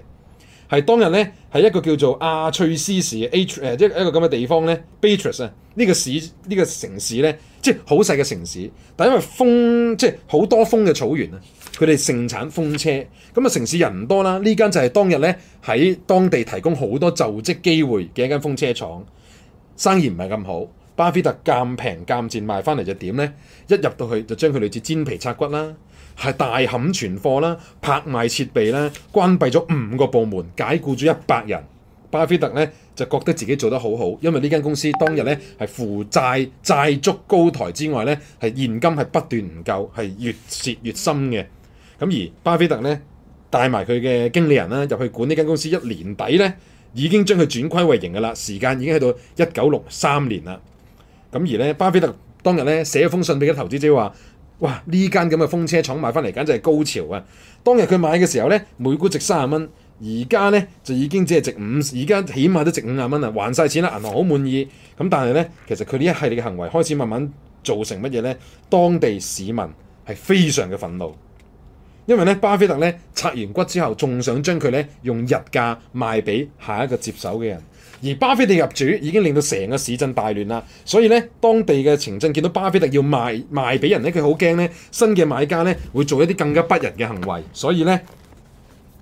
係當日咧，係一個叫做阿翠斯市 （H 誒一一個咁嘅地方咧 ），Beatrice 啊，呢、呢個市呢、呢個城市咧，即係好細嘅城市，但因為風即係好多風嘅草原啊，佢哋盛產風車，咁啊城市人唔多啦，呢間就係當日咧喺當地提供好多就職機會嘅一間風車廠，生意唔係咁好，巴菲特咁平咁賤買翻嚟就點咧，一入到去就將佢類似煎皮拆骨啦。係大冚存貨啦，拍賣設備啦，關閉咗五個部門，解雇咗一百人。巴菲特咧就覺得自己做得好好，因為呢間公司當日咧係負債債足高台之外咧，係現金係不斷唔夠，係越蝕越深嘅。咁而巴菲特咧帶埋佢嘅經理人啦入去管呢間公司，一年底咧已經將佢轉虧為盈噶啦，時間已經去到一九六三年啦。咁而咧巴菲特當日咧寫封信俾啲投資者話。哇！呢間咁嘅風車廠買翻嚟，簡直係高潮啊！當日佢買嘅時候呢，每股值三十蚊，而家呢，就已經只係值五，而家起碼都值五十蚊啦，還晒錢啦！銀行好滿意咁，但係呢，其實佢呢一系列嘅行為開始慢慢造成乜嘢呢？當地市民係非常嘅憤怒，因為呢，巴菲特呢，拆完骨之後，仲想將佢呢，用日價賣俾下一個接手嘅人。而巴菲特入主已經令到成個市鎮大亂啦，所以咧，當地嘅城鎮見到巴菲特要賣賣俾人咧，佢好驚咧。新嘅買家咧會做一啲更加不仁嘅行為，所以咧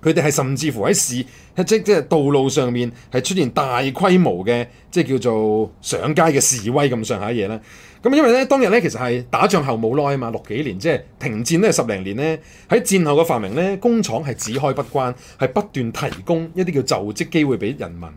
佢哋係甚至乎喺市即即係道路上面係出現大規模嘅即係叫做上街嘅示威咁上下嘢啦。咁因為咧當日咧其實係打仗後冇耐啊嘛，六幾年即係停戰咧十零年咧喺戰後嘅發明咧工廠係只開不關，係不斷提供一啲叫就職機會俾人民。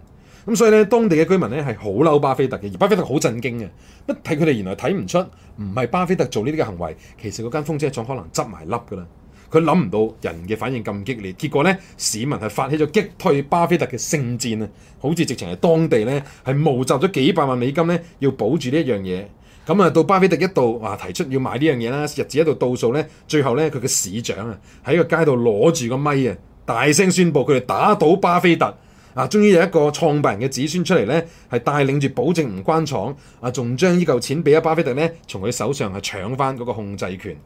咁所以咧，當地嘅居民咧係好嬲巴菲特嘅，而巴菲特好震驚嘅。一睇佢哋原來睇唔出，唔係巴菲特做呢啲嘅行為，其實嗰間風車廠可能執埋笠噶啦。佢諗唔到人嘅反應咁激烈，結果咧市民係發起咗擊退巴菲特嘅聖戰啊！好似直情係當地咧係募集咗幾百萬美金咧，要保住呢一樣嘢。咁啊，到巴菲特一度話提出要買呢樣嘢啦，日子一度倒數咧，最後咧佢嘅市長啊喺個街度攞住個咪啊，大聲宣佈佢哋打倒巴菲特。嗱，終於、啊、有一個創辦人嘅子孫出嚟咧，係帶領住保證唔關廠，啊，仲將呢嚿錢俾阿巴菲特咧，從佢手上係搶翻嗰個控制權。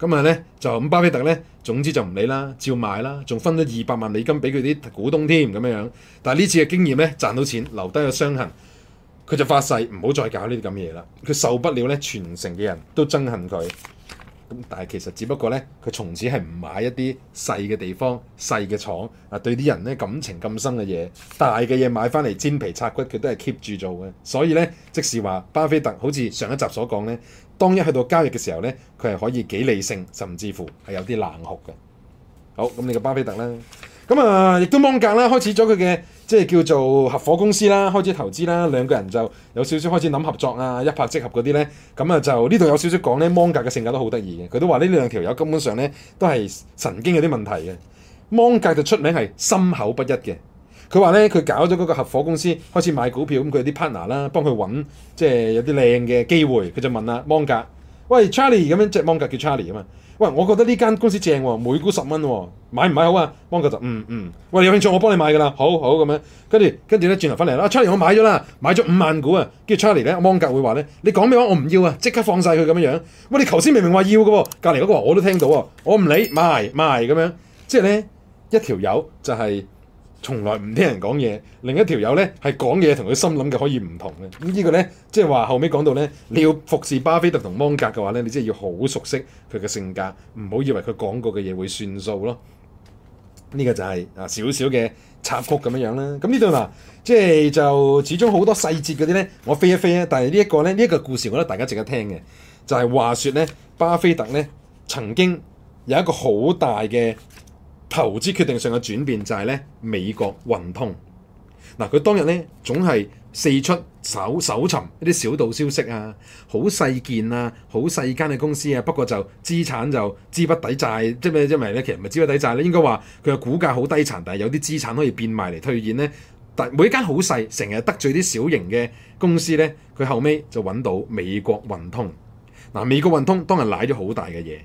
咁啊咧就咁巴菲特咧，總之就唔理啦，照買啦，仲分咗二百萬美金俾佢啲股東添咁樣樣。但係呢次嘅經驗咧，賺到錢，留低咗傷痕，佢就發誓唔好再搞呢啲咁嘅嘢啦。佢受不了咧，全城嘅人都憎恨佢。但係其實只不過咧，佢從此係唔買一啲細嘅地方，細嘅廠啊，對啲人咧感情咁深嘅嘢，大嘅嘢買翻嚟煎皮拆骨，佢都係 keep 住做嘅。所以咧，即使話巴菲特好似上一集所講咧，當一去到交易嘅時候咧，佢係可以幾理性，甚至乎係有啲冷酷嘅。好，咁你個巴菲特啦，咁啊亦都芒格啦，開始咗佢嘅。即係叫做合伙公司啦，開始投資啦，兩個人就有少少開始諗合作啊，一拍即合嗰啲咧，咁啊就呢度有少少講咧，芒格嘅性格都好得意嘅，佢都話呢兩條友根本上咧都係神經有啲問題嘅。芒格就出名係心口不一嘅，佢話咧佢搞咗嗰個合伙公司開始買股票，咁佢有啲 partner 啦，幫佢揾即係有啲靚嘅機會，佢就問啊芒格，喂 Charlie 咁樣，即係芒格叫 Charlie 啊嘛。喂，我覺得呢間公司正喎、哦，每股十蚊喎、哦，買唔買好啊？芒格就嗯嗯，喂，你有興趣我幫你買噶啦，好好咁樣，跟住跟住咧轉頭翻嚟啦，Charlie 我買咗啦，買咗五萬股啊，跟住 Charlie 咧，芒格會話咧，你講咩話？我唔要啊，即刻放晒佢咁樣樣。喂，你頭先明明話要嘅喎、哦，隔離嗰個我都聽到啊、哦，我唔理，賣賣咁樣，即係咧一條友就係、是。從來唔聽人講嘢，另一條友咧係講嘢同佢心諗嘅可以唔同嘅。咁、這個、呢個咧，即係話後尾講到咧，你要服侍巴菲特同芒格嘅話咧，你真係要好熟悉佢嘅性格，唔好以為佢講過嘅嘢會算數咯。呢、這個就係啊少少嘅插曲咁樣樣啦。咁呢度嗱，即係就始終好多細節嗰啲咧，我飛一飛咧。但係呢一個咧，呢、這、一個故事我覺得大家值得聽嘅，就係、是、話說咧，巴菲特咧曾經有一個好大嘅。投資決定上嘅轉變就係咧美國運通，嗱，佢當日咧總係四出搜搜尋一啲小道消息啊，好細件啊，好細間嘅公司啊，不過就資產就資不抵債，即係即係咪咧？其實唔係資不抵債咧，應該話佢嘅股價好低殘，但係有啲資產可以變賣嚟退現咧。但每一間好細，成日得罪啲小型嘅公司咧，佢後尾就揾到美國運通。嗱，美國運通當日瀨咗好大嘅嘢，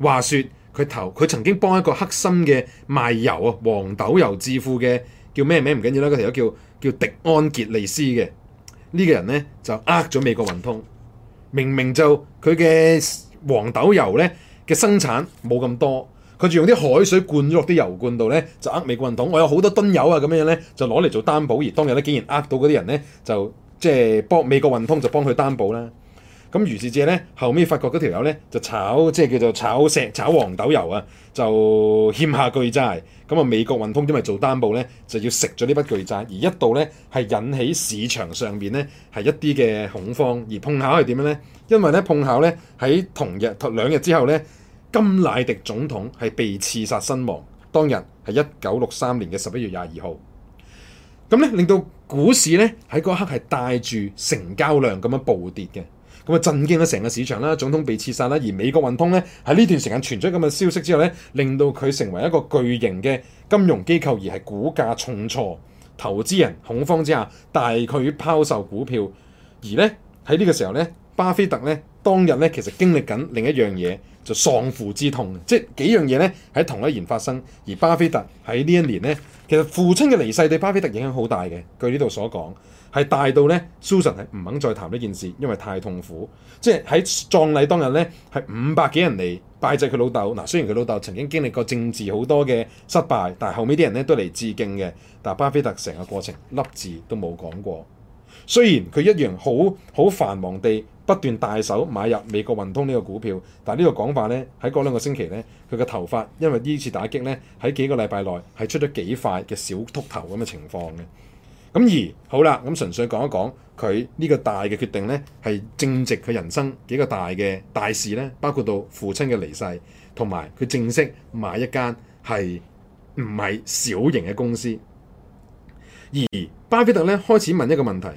話說。佢頭佢曾經幫一個黑心嘅賣油啊黃豆油致富嘅叫咩名唔緊要啦，個條友叫叫迪安傑利斯嘅呢、這個人咧就呃咗美國運通，明明就佢嘅黃豆油咧嘅生產冇咁多，佢仲用啲海水灌咗落啲油罐度咧就呃美國運通，我有好多噸油啊咁樣咧就攞嚟做擔保，而當日咧竟然呃到嗰啲人咧就即係、就是、幫美國運通就幫佢擔保啦。咁於是者咧，後尾發覺嗰條友咧就炒，即係叫做炒石炒黃豆油啊，就欠下巨債。咁啊，美國運通因為做擔保咧，就要食咗呢筆巨債，而一度咧係引起市場上邊咧係一啲嘅恐慌。而碰巧係點樣咧？因為咧碰巧咧喺同日同兩日之後咧，甘乃迪總統係被刺殺身亡，當日係一九六三年嘅十一月廿二號。咁咧令到股市咧喺嗰刻係帶住成交量咁樣暴跌嘅。震驚咗成個市場啦，總統被刺殺啦，而美國運通咧喺呢段時間傳出咁嘅消息之後咧，令到佢成為一個巨型嘅金融機構，而係股價重挫，投資人恐慌之下，大舉拋售股票。而咧喺呢個時候咧，巴菲特咧當日咧其實經歷緊另一樣嘢，就喪父之痛，即係幾樣嘢咧喺同一年發生。而巴菲特喺呢一年咧，其實父親嘅離世對巴菲特影響好大嘅。據呢度所講。係大到呢 Susan 係唔肯再談呢件事，因為太痛苦。即係喺葬禮當日呢，係五百幾人嚟拜祭佢老豆。嗱，雖然佢老豆曾經經歷過政治好多嘅失敗，但係後尾啲人呢都嚟致敬嘅。但巴菲特成個過程，粒字都冇講過。雖然佢一樣好好繁忙地不斷大手買入美國運通呢個股票，但呢個講法呢，喺嗰兩個星期呢，佢嘅頭髮因為呢次打擊呢，喺幾個禮拜內係出咗幾塊嘅小禿頭咁嘅情況嘅。咁而好啦，咁純粹講一講佢呢個大嘅決定呢，係正值佢人生幾個大嘅大事呢，包括到父親嘅離世同埋佢正式買一間係唔係小型嘅公司。而巴菲特呢，開始問一個問題，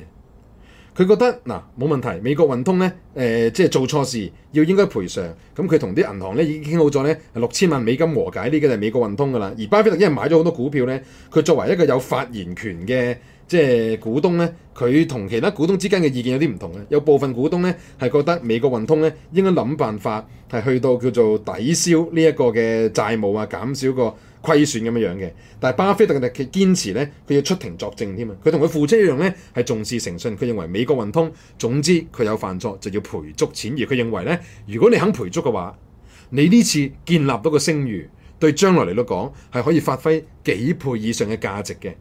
佢覺得嗱冇問題，美國運通呢，呃、即係做錯事要應該賠償，咁佢同啲銀行呢已經傾好咗呢，六千萬美金和解呢個係美國運通噶啦。而巴菲特因為買咗好多股票呢，佢作為一個有發言權嘅。即係股東咧，佢同其他股東之間嘅意見有啲唔同嘅，有部分股東咧係覺得美國運通咧應該諗辦法係去到叫做抵消呢一個嘅債務啊，減少個虧損咁樣樣嘅。但係巴菲特佢堅持咧，佢要出庭作證添啊！佢同佢父親一樣咧，係重視誠信。佢認為美國運通總之佢有犯錯就要賠足錢，而佢認為咧，如果你肯賠足嘅話，你呢次建立到個聲譽對將來嚟都講係可以發揮幾倍以上嘅價值嘅。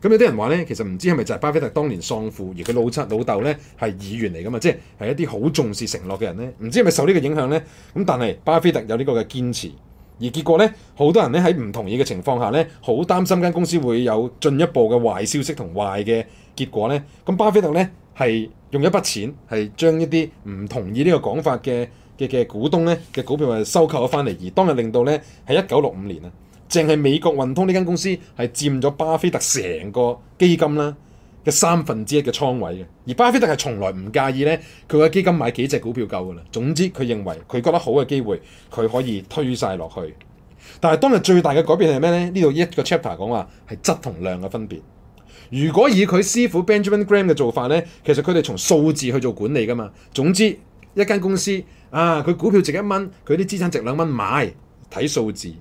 咁有啲人話咧，其實唔知係咪就係巴菲特當年喪父，而佢老七老豆咧係議員嚟㗎嘛，即係一啲好重視承諾嘅人咧。唔知係咪受呢個影響咧？咁但係巴菲特有呢個嘅堅持，而結果咧，好多人咧喺唔同意嘅情況下咧，好擔心間公司會有進一步嘅壞消息同壞嘅結果咧。咁巴菲特咧係用一筆錢係將一啲唔同意呢個講法嘅嘅嘅股東咧嘅股票收購咗翻嚟，而當日令到咧喺一九六五年啊。淨係美國運通呢間公司係佔咗巴菲特成個基金啦嘅三分之一嘅倉位嘅，而巴菲特係從來唔介意咧，佢嘅基金買幾隻股票夠㗎喇。總之佢認為佢覺得好嘅機會，佢可以推晒落去。但係當日最大嘅改變係咩咧？呢度一個 chapter 講話係質同量嘅分別。如果以佢師傅 Benjamin Graham 嘅做法咧，其實佢哋從數字去做管理㗎嘛。總之一間公司啊，佢股票值一蚊，佢啲資產值兩蚊，買睇數字。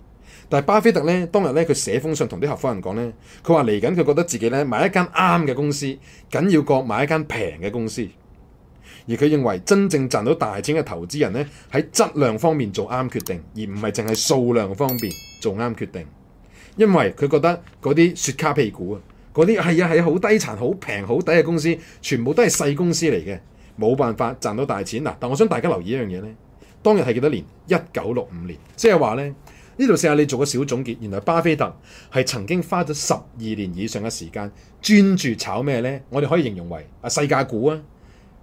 但係巴菲特咧，當日咧，佢寫封信同啲合夥人講咧，佢話嚟緊佢覺得自己咧買一間啱嘅公司，緊要過買一間平嘅公司。而佢認為真正賺到大錢嘅投資人咧，喺質量方面做啱決定，而唔係淨係數量方面做啱決定。因為佢覺得嗰啲雪茄屁股啊，嗰啲係啊係好低殘、好平、好抵嘅公司，全部都係細公司嚟嘅，冇辦法賺到大錢嗱。但我想大家留意一樣嘢咧，當日係幾多年？一九六五年，即係話咧。呢度試下你做個小總結，原來巴菲特係曾經花咗十二年以上嘅時間專注炒咩呢？我哋可以形容為啊世界股啊，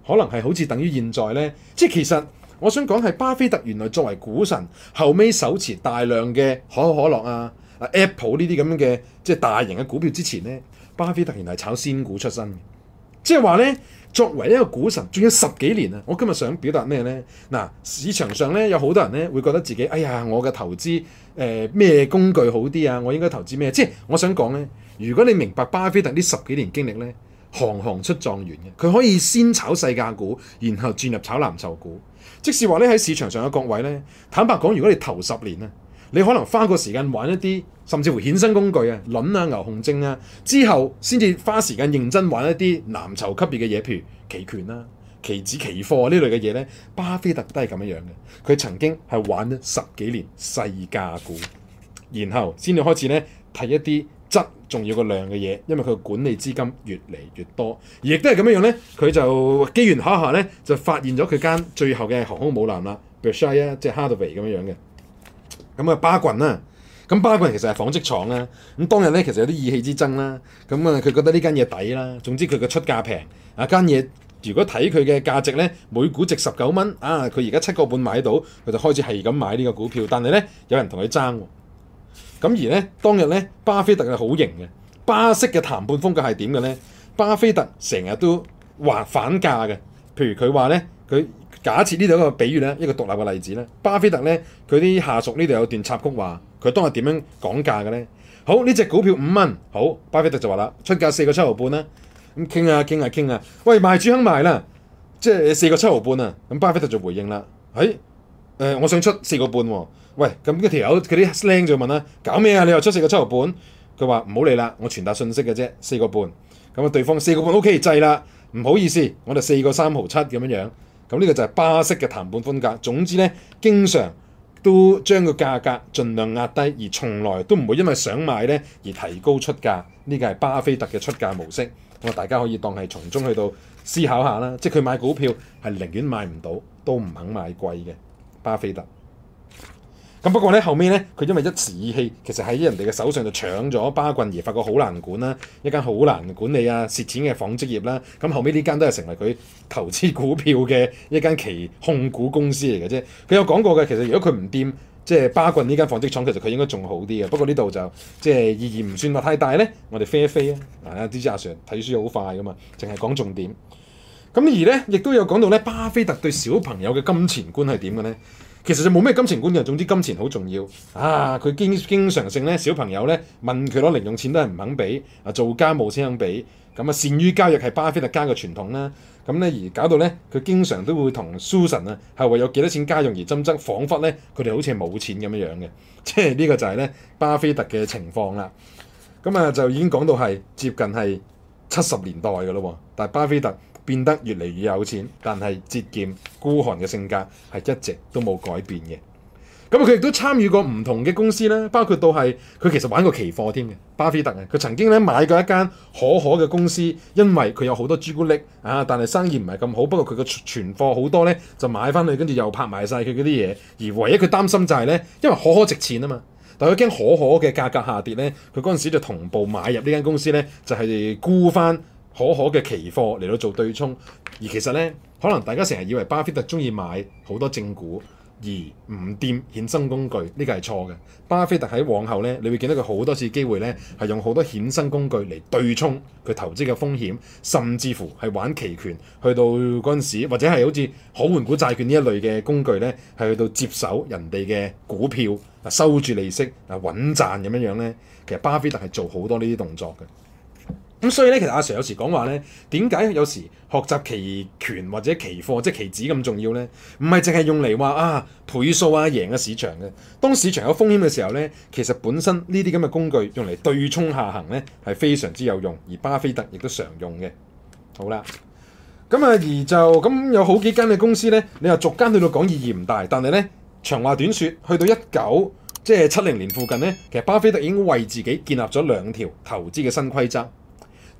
可能係好似等於現在呢。即係其實我想講係巴菲特原來作為股神，後尾手持大量嘅可口可樂啊、Apple 呢啲咁樣嘅即係大型嘅股票之前呢，巴菲特原來係炒仙股出身嘅。即係話呢，作為一個股神，仲有十幾年啊！我今日想表達咩呢？嗱，市場上呢，有好多人呢會覺得自己，哎呀，我嘅投資誒咩、呃、工具好啲啊？我應該投資咩？即係我想講呢，如果你明白巴菲特呢十幾年經歷呢，行行出狀元嘅，佢可以先炒細價股，然後轉入炒藍籌股。即使話呢，喺市場上嘅各位呢，坦白講，如果你頭十年咧，你可能花個時間玩一啲甚至乎衍生工具啊，輪啊、牛熊證啊，之後先至花時間認真玩一啲藍籌級別嘅嘢，譬如期權啦、期指其、啊、期貨呢類嘅嘢咧。巴菲特都係咁樣樣嘅，佢曾經係玩咗十幾年細價股，然後先至開始咧睇一啲質重要過量嘅嘢，因為佢管理資金越嚟越多，亦都係咁樣樣咧，佢就機緣巧合咧就發現咗佢間最後嘅航空母艦啦，Berkshire 即係 Hathaway 咁樣樣嘅。咁啊巴郡啦，咁巴郡其實係紡織廠啦。咁當日咧，其實有啲意氣之爭啦。咁啊，佢覺得呢間嘢抵啦。總之佢嘅出價平啊，間嘢如果睇佢嘅價值咧，每股值十九蚊啊，佢而家七個半買到，佢就開始係咁買呢個股票。但係咧，有人同佢爭。咁而咧，當日咧，巴菲特係好型嘅。巴式嘅談判風格係點嘅咧？巴菲特成日都話反價嘅。譬如佢話咧，佢。假設呢度一個比喻咧，一個獨立嘅例子咧，巴菲特咧佢啲下屬呢度有段插曲話，佢當日點樣講價嘅咧？好，呢隻股票五蚊，好，巴菲特就話啦，出價四個七毫半啦。咁傾下傾下傾啊，喂，賣主肯賣啦，即係四個七毫半啊。咁巴菲特就回應啦，喺、欸、誒、呃、我想出四個半喎。喂，咁嗰條友佢啲僆就問啦，搞咩啊？你又出四個七毫半？佢話唔好理啦，我傳達信息嘅啫，四個半。咁啊，對方四個半 OK 制啦，唔好意思，我哋四個三毫七咁樣樣。咁呢個就係巴式嘅談判風格。總之呢，經常都將個價格盡量壓低，而從來都唔會因為想買呢而提高出價。呢個係巴菲特嘅出價模式。咁大家可以當係從中去到思考下啦。即係佢買股票係寧願買唔到都唔肯買貴嘅巴菲特。咁不過咧，後面咧，佢因為一時意氣，其實喺人哋嘅手上就搶咗巴郡，而發覺好難管啦，一間好難管理啊，蝕錢嘅紡織業啦、啊。咁後面呢間都係成為佢投資股票嘅一間其控股公司嚟嘅啫。佢有講過嘅，其實如果佢唔掂，即係巴郡呢間紡織廠，其實佢應該仲好啲嘅。不過呢度就即係意義唔算話太大咧。我哋飛一飛啊，阿 D 阿 Sir 睇書好快噶嘛，淨係講重點。咁而咧，亦都有講到咧，巴菲特對小朋友嘅金錢觀係點嘅咧？其實就冇咩金錢觀嘅，總之金錢好重要。啊，佢經經常性咧，小朋友咧問佢攞零用錢都係唔肯俾，啊做家務先肯俾。咁啊，善於交易係巴菲特家嘅傳統啦。咁咧而搞到咧，佢經常都會同 Susan 啊係為有幾多錢家用而爭執，彷彿咧佢哋好似冇錢咁樣樣嘅。即係呢個就係咧巴菲特嘅情況啦。咁啊就已經講到係接近係七十年代嘅咯喎，但係巴菲特變得越嚟越有錢，但係節儉孤寒嘅性格係一直都冇改變嘅。咁佢亦都參與過唔同嘅公司啦，包括到係佢其實玩過期貨添嘅。巴菲特啊，佢曾經咧買過一間可可嘅公司，因為佢有好多朱古力啊，但係生意唔係咁好。不過佢嘅存貨好多咧，就買翻去，跟住又拍埋晒佢嗰啲嘢。而唯一佢擔心就係咧，因為可可值錢啊嘛，但係佢驚可可嘅價格下跌咧，佢嗰陣時就同步買入呢間公司咧，就係沽翻可可嘅期貨嚟到做對沖，而其實呢，可能大家成日以為巴菲特中意買好多正股，而唔掂衍生工具，呢個係錯嘅。巴菲特喺往後呢，你會見到佢好多次機會呢，係用好多衍生工具嚟對沖佢投資嘅風險，甚至乎係玩期權，去到嗰陣時，或者係好似可換股債券呢一類嘅工具呢，係去到接手人哋嘅股票，收住利息，啊穩賺咁樣樣呢，其實巴菲特係做好多呢啲動作嘅。咁所以咧，其實阿 Sir 有時講話咧，點解有時學習期權或者期貨即係期指咁重要咧？唔係淨係用嚟話啊倍數啊贏嘅、啊、市場嘅。當市場有風險嘅時候咧，其實本身呢啲咁嘅工具用嚟對沖下行咧係非常之有用，而巴菲特亦都常用嘅。好啦，咁啊而就咁有好幾間嘅公司咧，你又逐間去到講意義唔大，但係咧長話短説，去到一九即係七零年附近咧，其實巴菲特已經為自己建立咗兩條投資嘅新規則。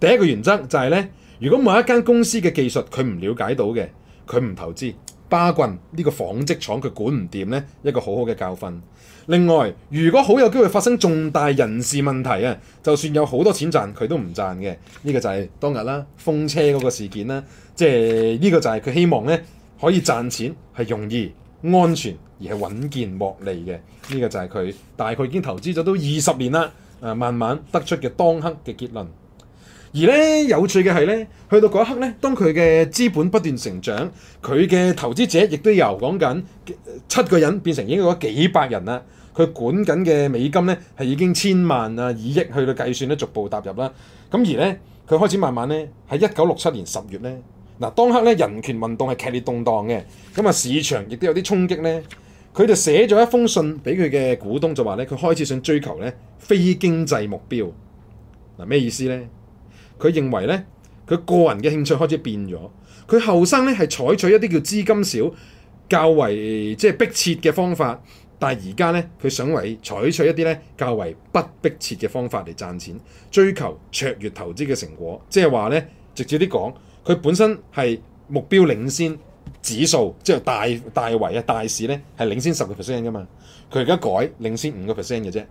第一個原則就係咧，如果某一間公司嘅技術佢唔了解到嘅，佢唔投資。巴郡呢個紡織廠佢管唔掂咧，一個好好嘅教訓。另外，如果好有機會發生重大人事問題啊，就算有好多錢賺，佢都唔賺嘅。呢個就係當日啦，風車嗰個事件啦，即係呢個就係佢希望咧可以賺錢係容易、安全而係穩健獲利嘅。呢個就係佢，大概已經投資咗都二十年啦，誒，慢慢得出嘅當刻嘅結論。而咧有趣嘅係咧，去到嗰一刻咧，當佢嘅資本不斷成長，佢嘅投資者亦都由講緊七個人變成已經幾百人啦。佢管緊嘅美金咧係已經千萬啊、二億去到計算咧，逐步踏入啦。咁而咧佢開始慢慢咧，喺一九六七年十月咧，嗱，當刻咧人權運動係劇烈動盪嘅，咁啊市場亦都有啲衝擊咧。佢就寫咗一封信俾佢嘅股東，就話咧，佢開始想追求咧非經濟目標。嗱，咩意思咧？佢認為呢，佢個人嘅興趣開始變咗。佢後生呢，係採取一啲叫資金少、較為即係逼切嘅方法，但係而家呢，佢想為採取一啲呢較為不逼切嘅方法嚟賺錢，追求卓越投資嘅成果。即係話呢，直接啲講，佢本身係目標領先指數，即係大大圍啊大市呢係領先十個 percent 噶嘛。佢而家改領先五個 percent 嘅啫。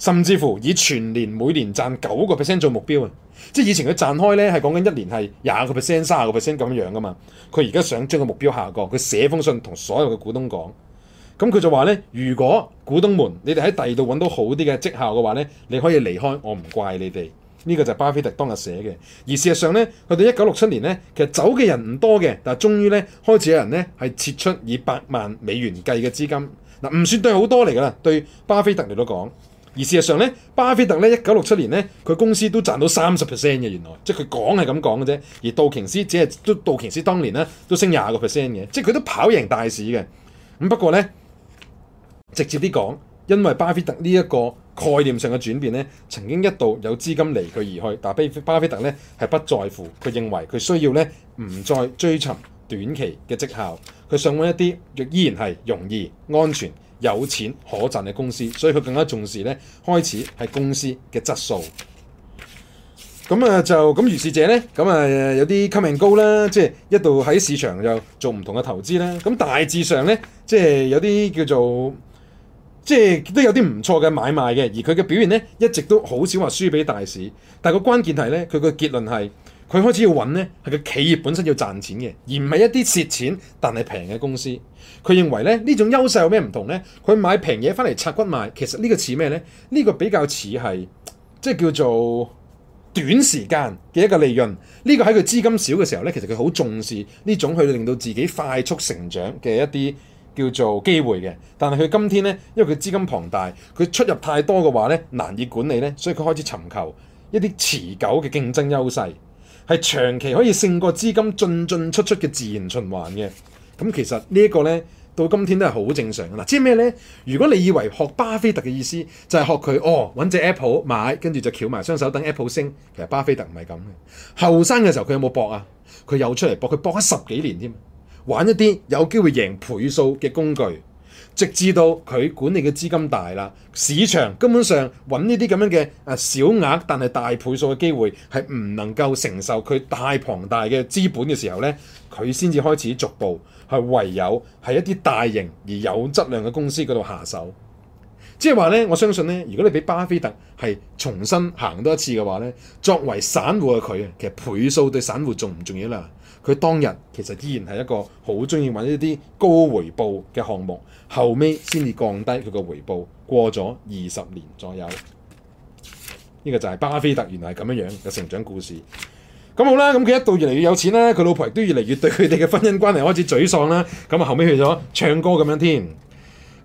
甚至乎以全年每年賺九個 percent 做目標啊！即係以前佢賺開咧係講緊一年係廿個 percent、三十個 percent 咁樣樣噶嘛。佢而家想將個目標下降，佢寫封信同所有嘅股東講。咁佢就話咧：如果股東們，你哋喺第二度揾到好啲嘅績效嘅話咧，你可以離開，我唔怪你哋。呢個就係巴菲特當日寫嘅。而事實上咧，佢哋一九六七年咧，其實走嘅人唔多嘅，但係終於咧，開始有人咧係撤出以百萬美元計嘅資金。嗱，唔算對好多嚟噶啦，對巴菲特嚟到講。而事實上咧，巴菲特咧一九六七年咧，佢公司都賺到三十 percent 嘅，原來即係佢講係咁講嘅啫。而道瓊斯只係都道瓊斯當年咧都升廿個 percent 嘅，即係佢都跑贏大市嘅。咁不過咧，直接啲講，因為巴菲特呢一個概念上嘅轉變咧，曾經一度有資金離佢而去，但係巴菲特咧係不在乎，佢認為佢需要咧唔再追尋短期嘅績效，佢想揾一啲亦依然係容易安全，有錢可賺嘅公司，所以佢更加重視咧，開始係公司嘅質素。咁啊就咁，如是者咧，咁啊有啲吸引力高啦，即係一度喺市場又做唔同嘅投資啦。咁大致上咧，即係有啲叫做，即係都有啲唔錯嘅買賣嘅，而佢嘅表現咧一直都好少話輸俾大市。但係個關鍵係咧，佢個結論係。佢開始要揾呢，係個企業本身要賺錢嘅，而唔係一啲蝕錢但係平嘅公司。佢認為呢，呢種優勢有咩唔同呢？佢買平嘢翻嚟拆骨賣，其實呢個似咩呢？呢個比較似係即係叫做短時間嘅一個利潤。呢個喺佢資金少嘅時候呢，其實佢好重視呢種去令到自己快速成長嘅一啲叫做機會嘅。但係佢今天呢，因為佢資金龐大，佢出入太多嘅話呢，難以管理呢，所以佢開始尋求一啲持久嘅競爭優勢。係長期可以勝過資金進進出出嘅自然循環嘅，咁其實呢一個呢，到今天都係好正常嘅喇。即係咩呢？如果你以為學巴菲特嘅意思就係、是、學佢哦搵隻 Apple 買，跟住就翹埋雙手等 Apple 升，其實巴菲特唔係咁嘅。後生嘅時候佢有冇博啊？佢有出嚟博，佢博咗十幾年添，玩一啲有機會贏倍數嘅工具。直至到佢管理嘅資金大啦，市場根本上揾呢啲咁樣嘅啊小額但係大倍數嘅機會，係唔能夠承受佢太龐大嘅資本嘅時候咧，佢先至開始逐步係唯有喺一啲大型而有質量嘅公司嗰度下手。即係話咧，我相信咧，如果你俾巴菲特係重新行多一次嘅話咧，作為散戶嘅佢啊，其實倍數對散戶重唔重要啦？佢當日其實依然係一個好中意揾一啲高回報嘅項目。後尾先至降低佢個回報，過咗二十年左右，呢個就係巴菲特原來係咁樣樣嘅成長故事。咁好啦，咁佢一度越嚟越有錢啦，佢老婆亦都越嚟越對佢哋嘅婚姻關係開始沮喪啦。咁啊，後尾去咗唱歌咁樣添。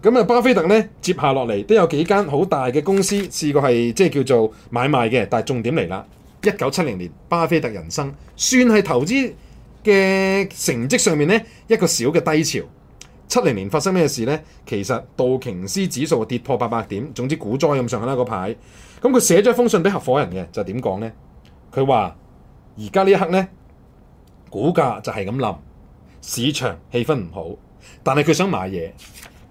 咁啊，巴菲特呢，接下落嚟都有幾間好大嘅公司試過係即係叫做買賣嘅，但係重點嚟啦，一九七零年巴菲特人生算係投資嘅成績上面呢一個小嘅低潮。七零年發生咩事咧？其實道瓊斯指數跌破八百點，總之股災咁上下啦嗰排。咁佢寫咗封信俾合夥人嘅，就點講咧？佢話而家呢一刻咧，股價就係咁冧，市場氣氛唔好，但係佢想買嘢，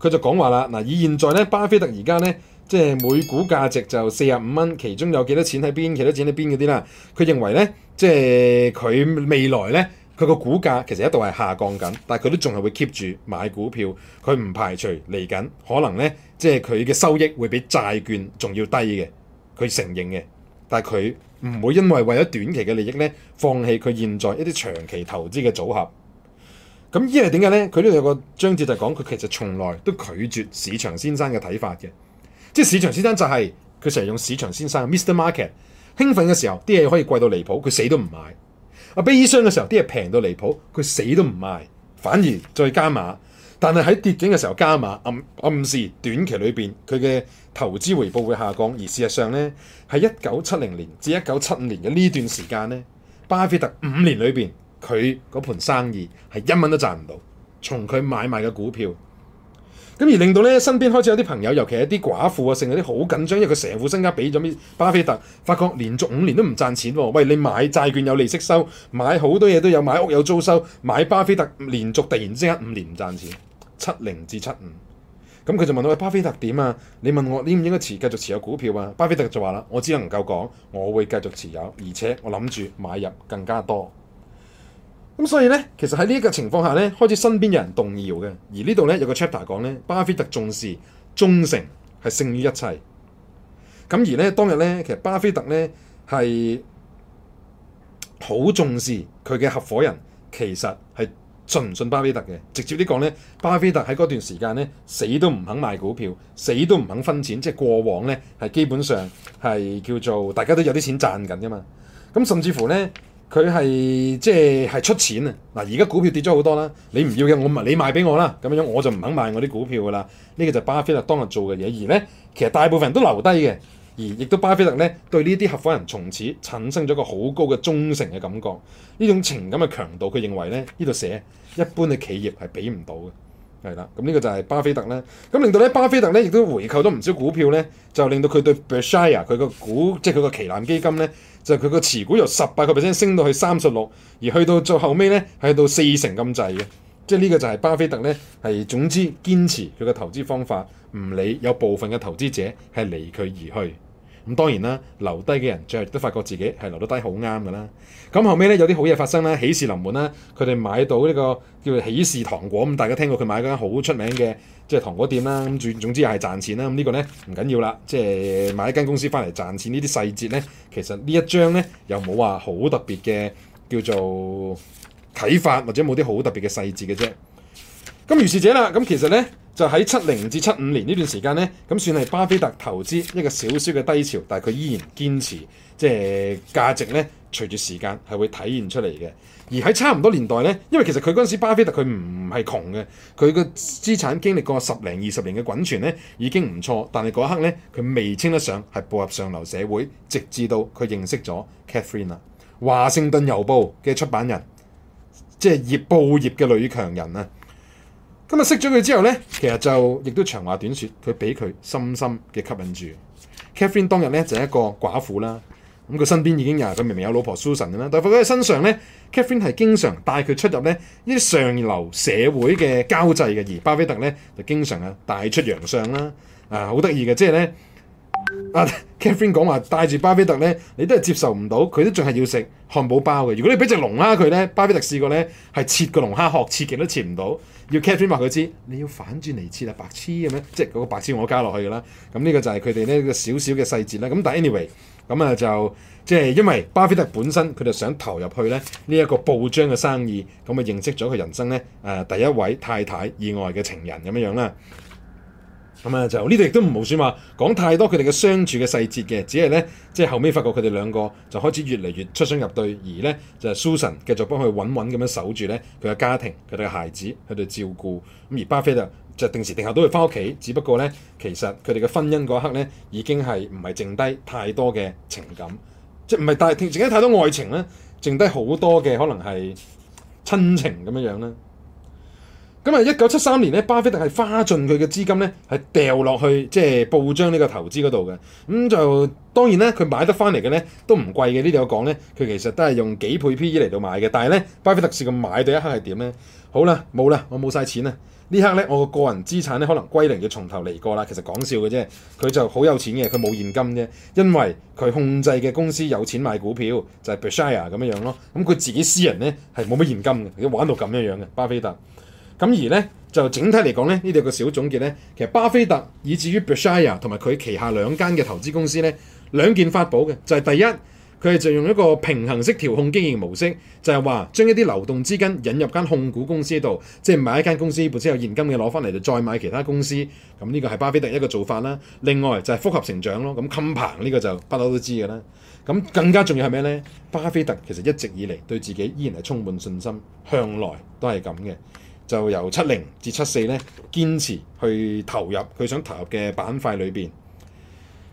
佢就講話啦。嗱，以現在咧，巴菲特而家咧，即係每股價值就四十五蚊，其中有幾多錢喺邊，幾多錢喺邊嗰啲啦。佢認為咧，即係佢未來咧。佢個股價其實一度係下降緊，但係佢都仲係會 keep 住買股票。佢唔排除嚟緊可能咧，即係佢嘅收益會比債券仲要低嘅。佢承認嘅，但係佢唔會因為為咗短期嘅利益咧，放棄佢現在一啲長期投資嘅組合。咁依係點解咧？佢呢度有個章節就係講佢其實從來都拒絕市場先生嘅睇法嘅。即係市場先生就係佢成日用市場先生 （Mr. Market） 興奮嘅時候，啲嘢可以貴到離譜，佢死都唔買。啊！悲傷嘅時候啲嘢平到離譜，佢死都唔賣，反而再加碼。但係喺跌緊嘅時候加碼，暗暗示短期裏邊佢嘅投資回報會下降。而事實上呢，喺一九七零年至一九七五年嘅呢段時間呢，巴菲特五年裏邊佢嗰盤生意係一蚊都賺唔到，從佢買賣嘅股票。咁而令到咧，身邊開始有啲朋友，尤其係啲寡婦啊，成日啲好緊張，因為佢成副身家俾咗俾巴菲特，發覺連續五年都唔賺錢喎。喂，你買債券有利息收，買好多嘢都有，買屋有租收，買巴菲特連續突然之間五年唔賺錢，七零至七五。咁、嗯、佢就問我：巴菲特點啊？你問我應唔應該持繼續持有股票啊？巴菲特就話啦：我只能夠講，我會繼續持有，而且我諗住買入更加多。咁所以咧，其實喺呢一個情況下咧，開始身邊有人動搖嘅。而呢度咧，有個 chapter 講咧，巴菲特重視忠誠係勝於一切。咁而咧當日咧，其實巴菲特咧係好重視佢嘅合夥人，其實係信唔信巴菲特嘅？直接啲講咧，巴菲特喺嗰段時間咧，死都唔肯賣股票，死都唔肯分錢。即係過往咧，係基本上係叫做大家都有啲錢賺緊㗎嘛。咁甚至乎咧。佢係即係係出錢啊！嗱，而家股票跌咗好多啦，你唔要嘅我賣你賣俾我啦，咁樣我就唔肯賣我啲股票噶啦。呢、這個就巴菲特當日做嘅嘢，而咧其實大部分人都留低嘅，而亦都巴菲特咧對呢啲合夥人從此產生咗個好高嘅忠誠嘅感覺。呢種情感嘅強度，佢認為咧呢度寫一般嘅企業係畀唔到嘅，係啦。咁、這、呢個就係巴菲特咧，咁令到咧巴菲特咧亦都回購咗唔少股票咧，就令到佢對 Berkshire 佢個股即係佢個旗艦基金咧。就佢個持股由十八個 percent 升到去三十六，而去到最後尾咧係去到四成咁滯嘅。即係呢個就係巴菲特咧，係總之堅持佢嘅投資方法，唔理有部分嘅投資者係離佢而去。咁當然啦，留低嘅人最後都發覺自己係留得低好啱噶啦。咁後尾咧有啲好嘢發生啦，喜事臨門啦。佢哋買到呢個叫做「喜事糖果」，咁大家聽過佢買間好出名嘅即係糖果店啦。咁總總之係賺錢啦。咁、這、呢個咧唔緊要啦，即、就、係、是、買一間公司翻嚟賺錢呢啲細節咧，其實呢一張咧又冇話好特別嘅叫做啟發，或者冇啲好特別嘅細節嘅啫。咁如是者啦，咁其實咧就喺七零至七五年呢段時間咧，咁算係巴菲特投資一個少少嘅低潮，但佢依然堅持，即係價值咧隨住時間係會體現出嚟嘅。而喺差唔多年代咧，因為其實佢嗰陣時巴菲特佢唔係窮嘅，佢嘅資產經歷過十零二十年嘅滾存咧已經唔錯，但係嗰一刻咧佢未稱得上係步入上流社會，直至到佢認識咗 Catherine 啦，華盛頓郵報嘅出版人，即係業報業嘅女強人啊！今日識咗佢之後咧，其實就亦都長話短説，佢俾佢深深嘅吸引住。Katherine 當日咧就係一個寡婦啦，咁佢身邊已經有佢明明有老婆 Susan 嘅啦，但係佢喺身上咧，Katherine 係經常帶佢出入咧呢啲上流社會嘅交際嘅，而巴菲特咧就經常啊大出洋相啦，啊好得意嘅，即係咧啊 Katherine 講話帶住巴菲特咧，你都係接受唔到，佢都仲係要食漢堡包嘅。如果你俾隻龍蝦佢咧，巴菲特試過咧係切個龍蝦殼，切極都切唔到。要 caption 話佢知，你要反轉嚟切啊白痴嘅咩？即係嗰個白痴我加落去嘅啦。咁呢個就係佢哋呢個小小嘅細節啦。咁但 anyway，咁啊就即係、就係、因為巴菲特本身佢就想投入去咧呢一個報章嘅生意，咁啊認識咗佢人生咧誒第一位太太意外嘅情人咁樣樣啦。咁啊，就呢度亦都唔好算話講太多佢哋嘅相處嘅細節嘅，只係咧即係後尾發覺佢哋兩個就開始越嚟越出雙入對，而咧就係、是、Susan 繼續幫佢穩穩咁樣守住咧佢嘅家庭、佢哋嘅孩子喺度照顧，咁而巴菲特就定時定候都會翻屋企，只不過咧其實佢哋嘅婚姻嗰刻咧已經係唔係剩低太多嘅情感，即係唔係剩剩低太多愛情咧，剩低好多嘅可能係親情咁樣樣咧。咁啊！一九七三年咧，巴菲特係花盡佢嘅資金咧，係掉落去即係報章呢個投資嗰度嘅。咁、嗯、就當然咧，佢買得翻嚟嘅咧都唔貴嘅。呢度有講咧，佢其實都係用幾倍 P E 嚟到買嘅。但係咧，巴菲特試咁買，到一刻係點咧？好啦，冇啦，我冇晒錢啦。刻呢刻咧，我個人資產咧可能歸零，要從頭嚟過啦。其實講笑嘅啫。佢就好有錢嘅，佢冇現金啫，因為佢控制嘅公司有錢買股票，就係、是、Berkshire 咁樣樣咯。咁佢自己私人咧係冇乜現金嘅，佢玩到咁樣樣嘅巴菲特。咁而咧就整體嚟講咧，呢、呢、度個小總結咧，其實巴菲特以至於 Berkshire 同埋佢旗下兩間嘅投資公司咧，兩件法寶嘅就係、係、第一，佢哋就用一個平衡式調控經營模式，就係話將一啲流動資金引入間控股公司度，即係買一間公司本身有現金嘅攞返嚟，就再買其他公司。咁呢個係巴菲特一個做法啦。另外就係複合成長咯，咁 Compound 呢個就不嬲都知㗎啦。咁更加重要係咩咧？巴菲特其實一直以嚟對自己依然係充滿信心，向來都係咁嘅。就由七零至七四咧，堅持去投入佢想投入嘅板塊裏邊。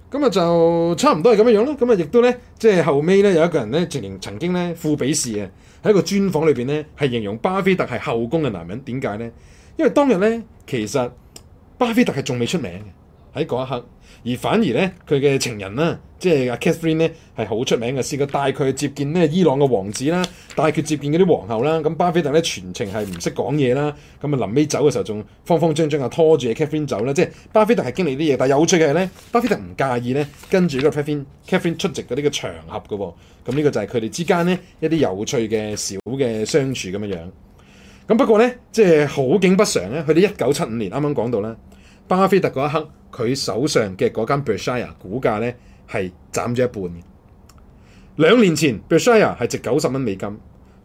咁啊就差唔多係咁樣樣咯。咁啊亦都咧，即係後尾咧有一個人咧，曾經曾經咧富比士啊，喺個專訪裏邊咧係形容巴菲特係後宮嘅男人。點解咧？因為當日咧其實巴菲特係仲未出名嘅，喺嗰一刻。而反而咧，佢嘅情人啦，即係阿 Catherine 咧，係好出名嘅，試過帶佢去接見呢伊朗嘅王子啦，帶佢接見嗰啲皇后啦。咁巴菲特咧全程係唔識講嘢啦，咁啊臨尾走嘅時候仲慌慌張張啊拖住阿 Catherine 走啦。即係巴菲特係經歷啲嘢，但係有趣嘅係咧，巴菲特唔介意咧跟住嗰個 Catherine，Catherine 出席嗰啲嘅場合嘅喎。咁呢個就係佢哋之間咧一啲有趣嘅小嘅相處咁樣樣。咁不過咧，即係好景不常咧。去到一九七五年，啱啱講到啦，巴菲特嗰一刻。佢手上嘅嗰間 Berkshire 股價咧係斬咗一半嘅。兩年前 Berkshire 係值九十蚊美金，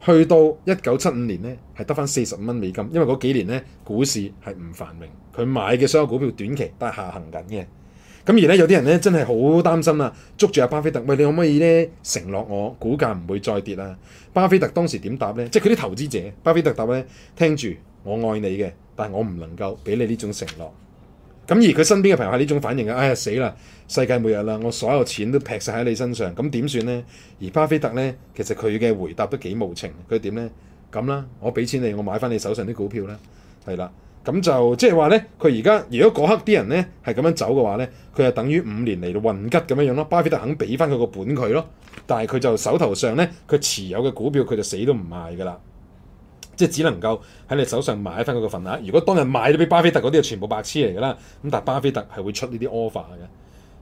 去到一九七五年咧係得返四十五蚊美金，因為嗰幾年咧股市係唔繁榮，佢買嘅所有股票短期都係下行緊嘅。咁而咧有啲人咧真係好擔心啊，捉住阿巴菲特，喂，你可唔可以咧承諾我股價唔會再跌啊？巴菲特當時點答咧？即係佢啲投資者，巴菲特答咧，聽住我愛你嘅，但係我唔能夠俾你呢種承諾。咁而佢身邊嘅朋友係呢種反應嘅，哎呀死啦，世界末日啦，我所有錢都劈晒喺你身上，咁點算呢？而巴菲特呢，其實佢嘅回答都幾無情，佢點呢？咁啦，我俾錢你，我買翻你手上啲股票啦，係啦，咁就即係話呢，佢而家如果嗰刻啲人呢係咁樣走嘅話呢，佢就等於五年嚟到混吉咁樣樣咯。巴菲特肯俾翻佢個本佢咯，但係佢就手頭上呢，佢持有嘅股票佢就死都唔賣㗎啦。即係只能夠喺你手上買翻嗰個份額。如果當日買咗俾巴菲特嗰啲，就全部白痴嚟㗎啦。咁但係巴菲特係會出呢啲 offer 嘅。呢、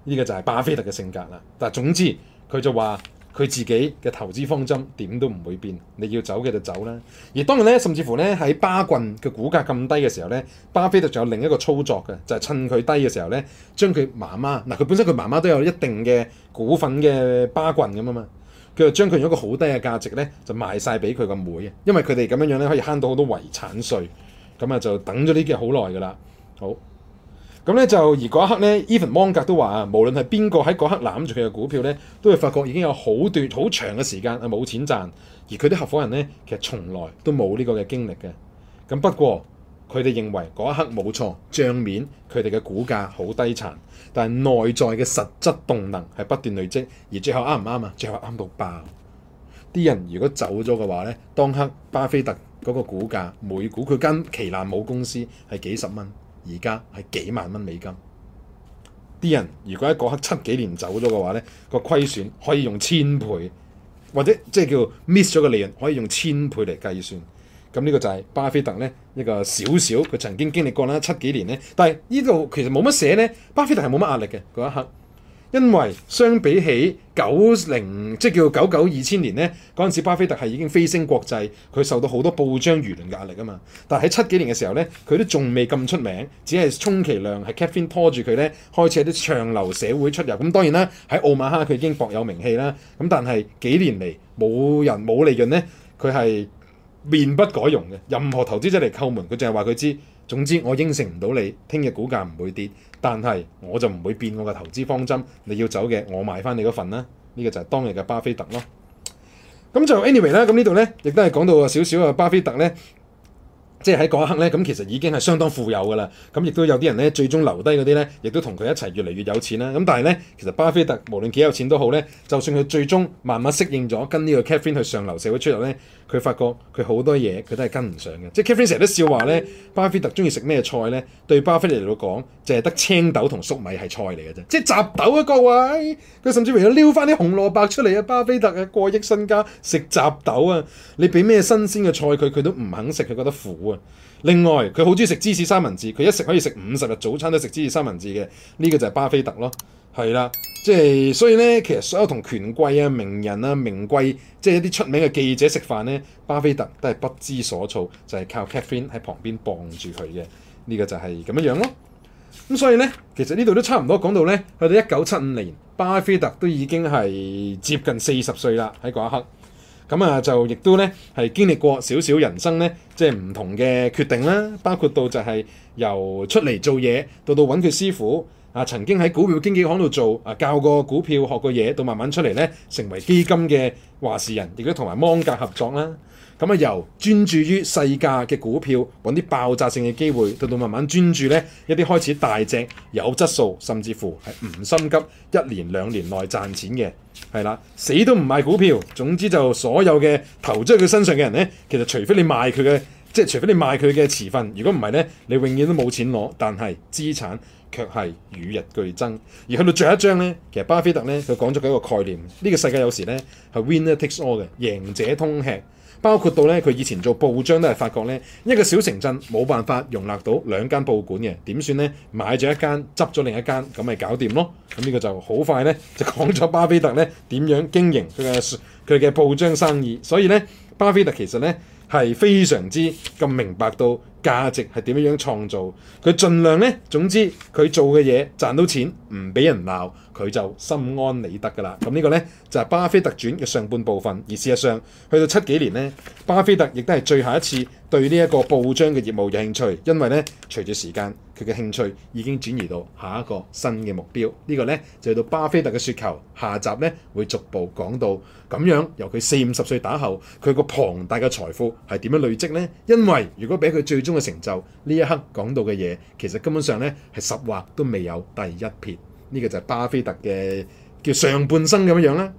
呢個就係巴菲特嘅性格啦。但係總之佢就話佢自己嘅投資方針點都唔會變。你要走嘅就走啦。而當然咧，甚至乎咧喺巴郡嘅股價咁低嘅時候咧，巴菲特仲有另一個操作嘅，就係、係、趁佢低嘅時候咧，將佢媽媽，嗱，佢本身佢媽媽都有一定嘅股份嘅巴郡咁啊嘛。佢就將佢用一個好低嘅價值咧，就賣曬俾佢個妹啊！因為佢哋咁樣樣咧，可以慳到好多遺產稅。咁啊，就等咗呢幾日好耐噶啦。好，咁咧就而嗰一刻咧，Even 芒格都話啊，無論係邊個喺嗰刻攬住佢嘅股票咧，都會發覺已經有好短好長嘅時間啊冇錢賺，而佢啲合夥人咧，其實從來都冇呢個嘅經歷嘅。咁不過。佢哋認為嗰一刻冇錯，帳面，佢哋嘅股價好低殘，但係內在嘅實質動能係不斷累積，而最後啱唔啱啊？最後啱到爆！啲人如果走咗嘅話呢，當刻巴菲特嗰個股價每股佢間旗艦母公司係幾十蚊，而家係幾萬蚊美金。啲人如果喺嗰刻七幾年走咗嘅話呢，個虧損可以用千倍，或者即係叫 miss 咗嘅利潤可以用千倍嚟計算。咁呢個就係巴菲特呢，一個少少，佢曾經經歷過啦七幾年呢。但係呢度其實冇乜寫呢，巴菲特係冇乜壓力嘅嗰一刻，因為相比起九零即係、就是、叫九九二千年呢，嗰陣時巴菲特係已經飛升國際，佢受到好多報章輿論壓力啊嘛。但係喺七幾年嘅時候呢，佢都仲未咁出名，只係充其量係 Caplin 拖住佢呢，開始喺啲上流社會出入。咁當然啦，喺奧馬哈佢已經薄有名氣啦。咁但係幾年嚟冇人冇利潤呢，佢係。面不改容嘅，任何投資者嚟叩門，佢淨係話佢知，總之我應承唔到你，聽日股價唔會跌，但係我就唔會變我嘅投資方針。你要走嘅，我買翻你嗰份啦。呢、這個就係當日嘅巴菲特咯。咁就 anyway 啦，咁呢度呢，亦都係講到少少嘅巴菲特呢。即係喺嗰一刻咧，咁其實已經係相當富有㗎啦。咁亦都有啲人咧，最終留低嗰啲咧，亦都同佢一齊越嚟越有錢啦。咁但係咧，其實巴菲特無論幾有錢都好咧，就算佢最終慢慢適應咗跟呢個 Katherine 去上流社會出入咧，佢發覺佢好多嘢佢都係跟唔上嘅。即係 Katherine 成日都笑話咧，巴菲特中意食咩菜咧？對巴菲特嚟到講，淨係得青豆同粟米係菜嚟嘅啫，即係雜豆啊各位！佢甚至為咗撩翻啲紅蘿蔔出嚟啊！巴菲特啊，過億身家食雜豆啊！你俾咩新鮮嘅菜佢，佢都唔肯食，佢覺得苦啊！另外，佢好中意食芝士三文治，佢一食可以食五十日早餐都食芝士三文治嘅，呢個就係巴菲特咯，係啦，即係所以呢，其實所有同權貴啊、名人啊、名貴，即係一啲出名嘅記者食飯呢，巴菲特都係不知所措，就係靠 Catherine 喺旁邊傍住佢嘅，呢個就係咁樣樣咯。咁所以呢，其實呢度都差唔多講到呢。去到一九七五年，巴菲特都已經係接近四十歲啦，喺嗰一刻。咁啊，就亦都咧係經歷過少少人生咧，即係唔同嘅決定啦，包括到就係由出嚟做嘢到到揾佢師傅啊，曾經喺股票經紀行度做啊，教過股票學過嘢，到慢慢出嚟咧，成為基金嘅話事人，亦都同埋芒格合作啦。咁啊，由專注於細價嘅股票揾啲爆炸性嘅機會，到到慢慢專注呢，一啲開始大隻有質素，甚至乎係唔心急，一年兩年內賺錢嘅係啦，死都唔賣股票。總之就所有嘅投資喺佢身上嘅人呢，其實除非你賣佢嘅，即係除非你賣佢嘅持份，如果唔係呢，你永遠都冇錢攞，但係資產卻係與日俱增。而去到最後一章呢，其實巴菲特呢，佢講咗幾個概念，呢個世界有時呢，係 winner takes all 嘅贏者通吃。包括到咧，佢以前做報章都係發覺咧，一個小城鎮冇辦法容納到兩間報館嘅，點算咧？買咗一間，執咗另一間，咁咪搞掂咯。咁、這、呢個就好快咧，就講咗巴菲特咧點樣經營佢嘅佢嘅報章生意。所以咧，巴菲特其實咧係非常之咁明白到。價值係點樣樣創造？佢盡量呢，總之佢做嘅嘢賺到錢，唔俾人鬧，佢就心安理得㗎啦。咁呢個呢，就係、是、巴菲特傳嘅上半部分。而事實上，去到七幾年呢，巴菲特亦都係最後一次對呢一個報章嘅業務有興趣，因為呢，隨住時間。佢嘅興趣已經轉移到下一個新嘅目標，呢個呢，就到巴菲特嘅雪球下集呢，會逐步講到咁樣由佢四五十歲打後，佢個龐大嘅財富係點樣累積呢？因為如果俾佢最終嘅成就，呢一刻講到嘅嘢，其實根本上呢，係十劃都未有第一撇，呢個就係巴菲特嘅叫上半生咁樣啦。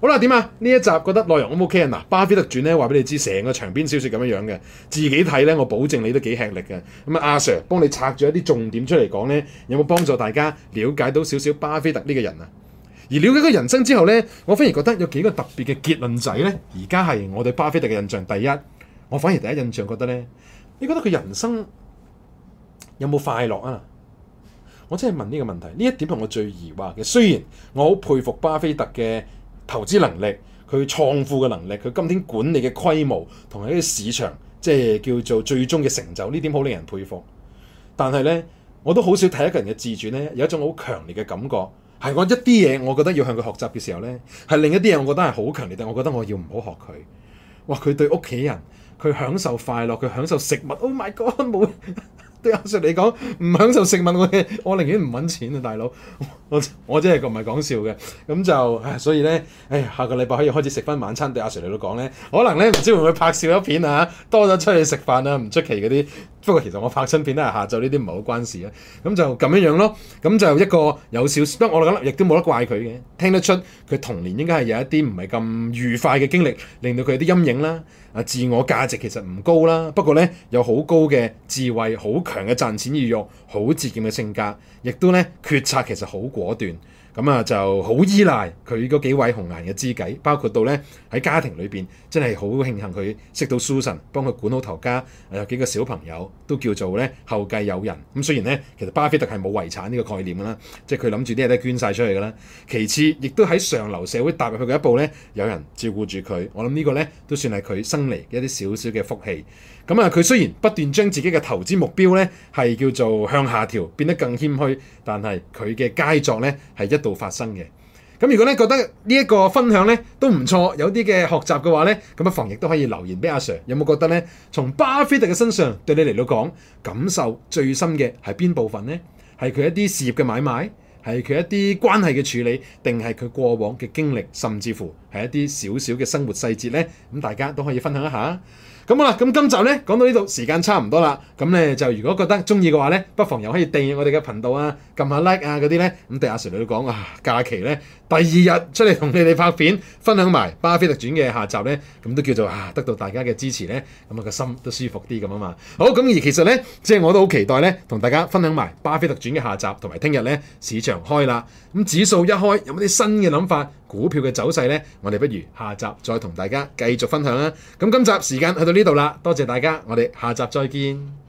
好啦，點啊？呢一集覺得內容好唔 OK 啊？嗱，巴菲特傳咧話俾你知，成個長篇小説咁樣樣嘅，自己睇咧，我保證你都幾吃力嘅。咁啊，阿 Sir 幫你拆咗一啲重點出嚟講咧，有冇幫助大家了解到少少巴菲特呢個人啊？而了解佢人生之後咧，我反而覺得有幾個特別嘅結論仔咧。而家係我對巴菲特嘅印象，第一，我反而第一印象覺得咧，你覺得佢人生有冇快樂啊？我真係問呢個問題，呢一點係我最疑惑嘅。雖然我好佩服巴菲特嘅。投資能力，佢創富嘅能力，佢今天管理嘅規模同埋呢個市場，即係叫做最終嘅成就，呢點好令人佩服。但係呢，我都好少睇一個人嘅自傳呢，有一種好強烈嘅感覺，係我一啲嘢，我覺得要向佢學習嘅時候呢係另一啲嘢，我覺得係好強烈，但我覺得我要唔好學佢。哇，佢對屋企人，佢享受快樂，佢享受食物。Oh my God，冇對阿 Sir 嚟講，唔享受食物我嘅我寧願唔揾錢啊，大佬！我我真係唔係講笑嘅，咁就唉，所以咧，哎呀，下個禮拜可以開始食翻晚餐。對阿 Sir 嚟到講咧，可能咧唔知會唔會拍少一片啊，多咗出去食飯啊，唔出奇嗰啲。不過其實我拍親片都係下晝呢啲唔係好關事啊。咁就咁樣樣囉。咯，咁就一個有少少。不過我諗亦都冇得怪佢嘅，聽得出佢童年應該係有一啲唔係咁愉快嘅經歷，令到佢有啲陰影啦。自我價值其實唔高啦，不過呢，有好高嘅智慧，好強嘅賺錢意欲，好自強嘅性格，亦都呢決策其實好果斷。咁啊，就好依賴佢嗰幾位紅顏嘅知己，包括到咧喺家庭裏面，真係好慶幸佢識到 Susan，幫佢管好頭家，有幾個小朋友都叫做咧後繼有人。咁雖然咧，其實巴菲特係冇遺產呢個概念噶啦，即係佢諗住啲嘢都捐晒出嚟噶啦。其次，亦都喺上流社會踏入去嘅一步咧，有人照顧住佢。我諗呢個咧都算係佢生嚟嘅一啲少少嘅福氣。咁啊，佢雖然不斷將自己嘅投資目標呢係叫做向下調，變得更謙虛，但係佢嘅佳作呢係一度發生嘅。咁如果咧覺得呢一個分享呢都唔錯，有啲嘅學習嘅話呢咁啊，不妨亦都可以留言俾阿 Sir。有冇覺得呢？從巴菲特嘅身上對你嚟到講，感受最深嘅係邊部分呢？係佢一啲事業嘅買賣，係佢一啲關係嘅處理，定係佢過往嘅經歷，甚至乎係一啲少少嘅生活細節呢？咁大家都可以分享一下。咁啦咁今集咧講到呢度，時間差唔多啦。咁咧就如果覺得中意嘅話咧，不妨又可以訂閱我哋嘅頻道啊，撳下 like 啊嗰啲咧。咁對阿 Sir 嚟講啊，假期咧第二日出嚟同你哋拍片，分享埋《巴菲特傳》嘅下集咧，咁都叫做啊得到大家嘅支持咧，咁啊個心都舒服啲咁啊嘛。好，咁而其實咧，即係我都好期待咧，同大家分享埋《巴菲特傳》嘅下集，同埋聽日咧市場開啦，咁指數一開有冇啲新嘅諗法？股票嘅走勢呢，我哋不如下集再同大家繼續分享啦。咁今集時間去到呢度啦，多謝大家，我哋下集再見。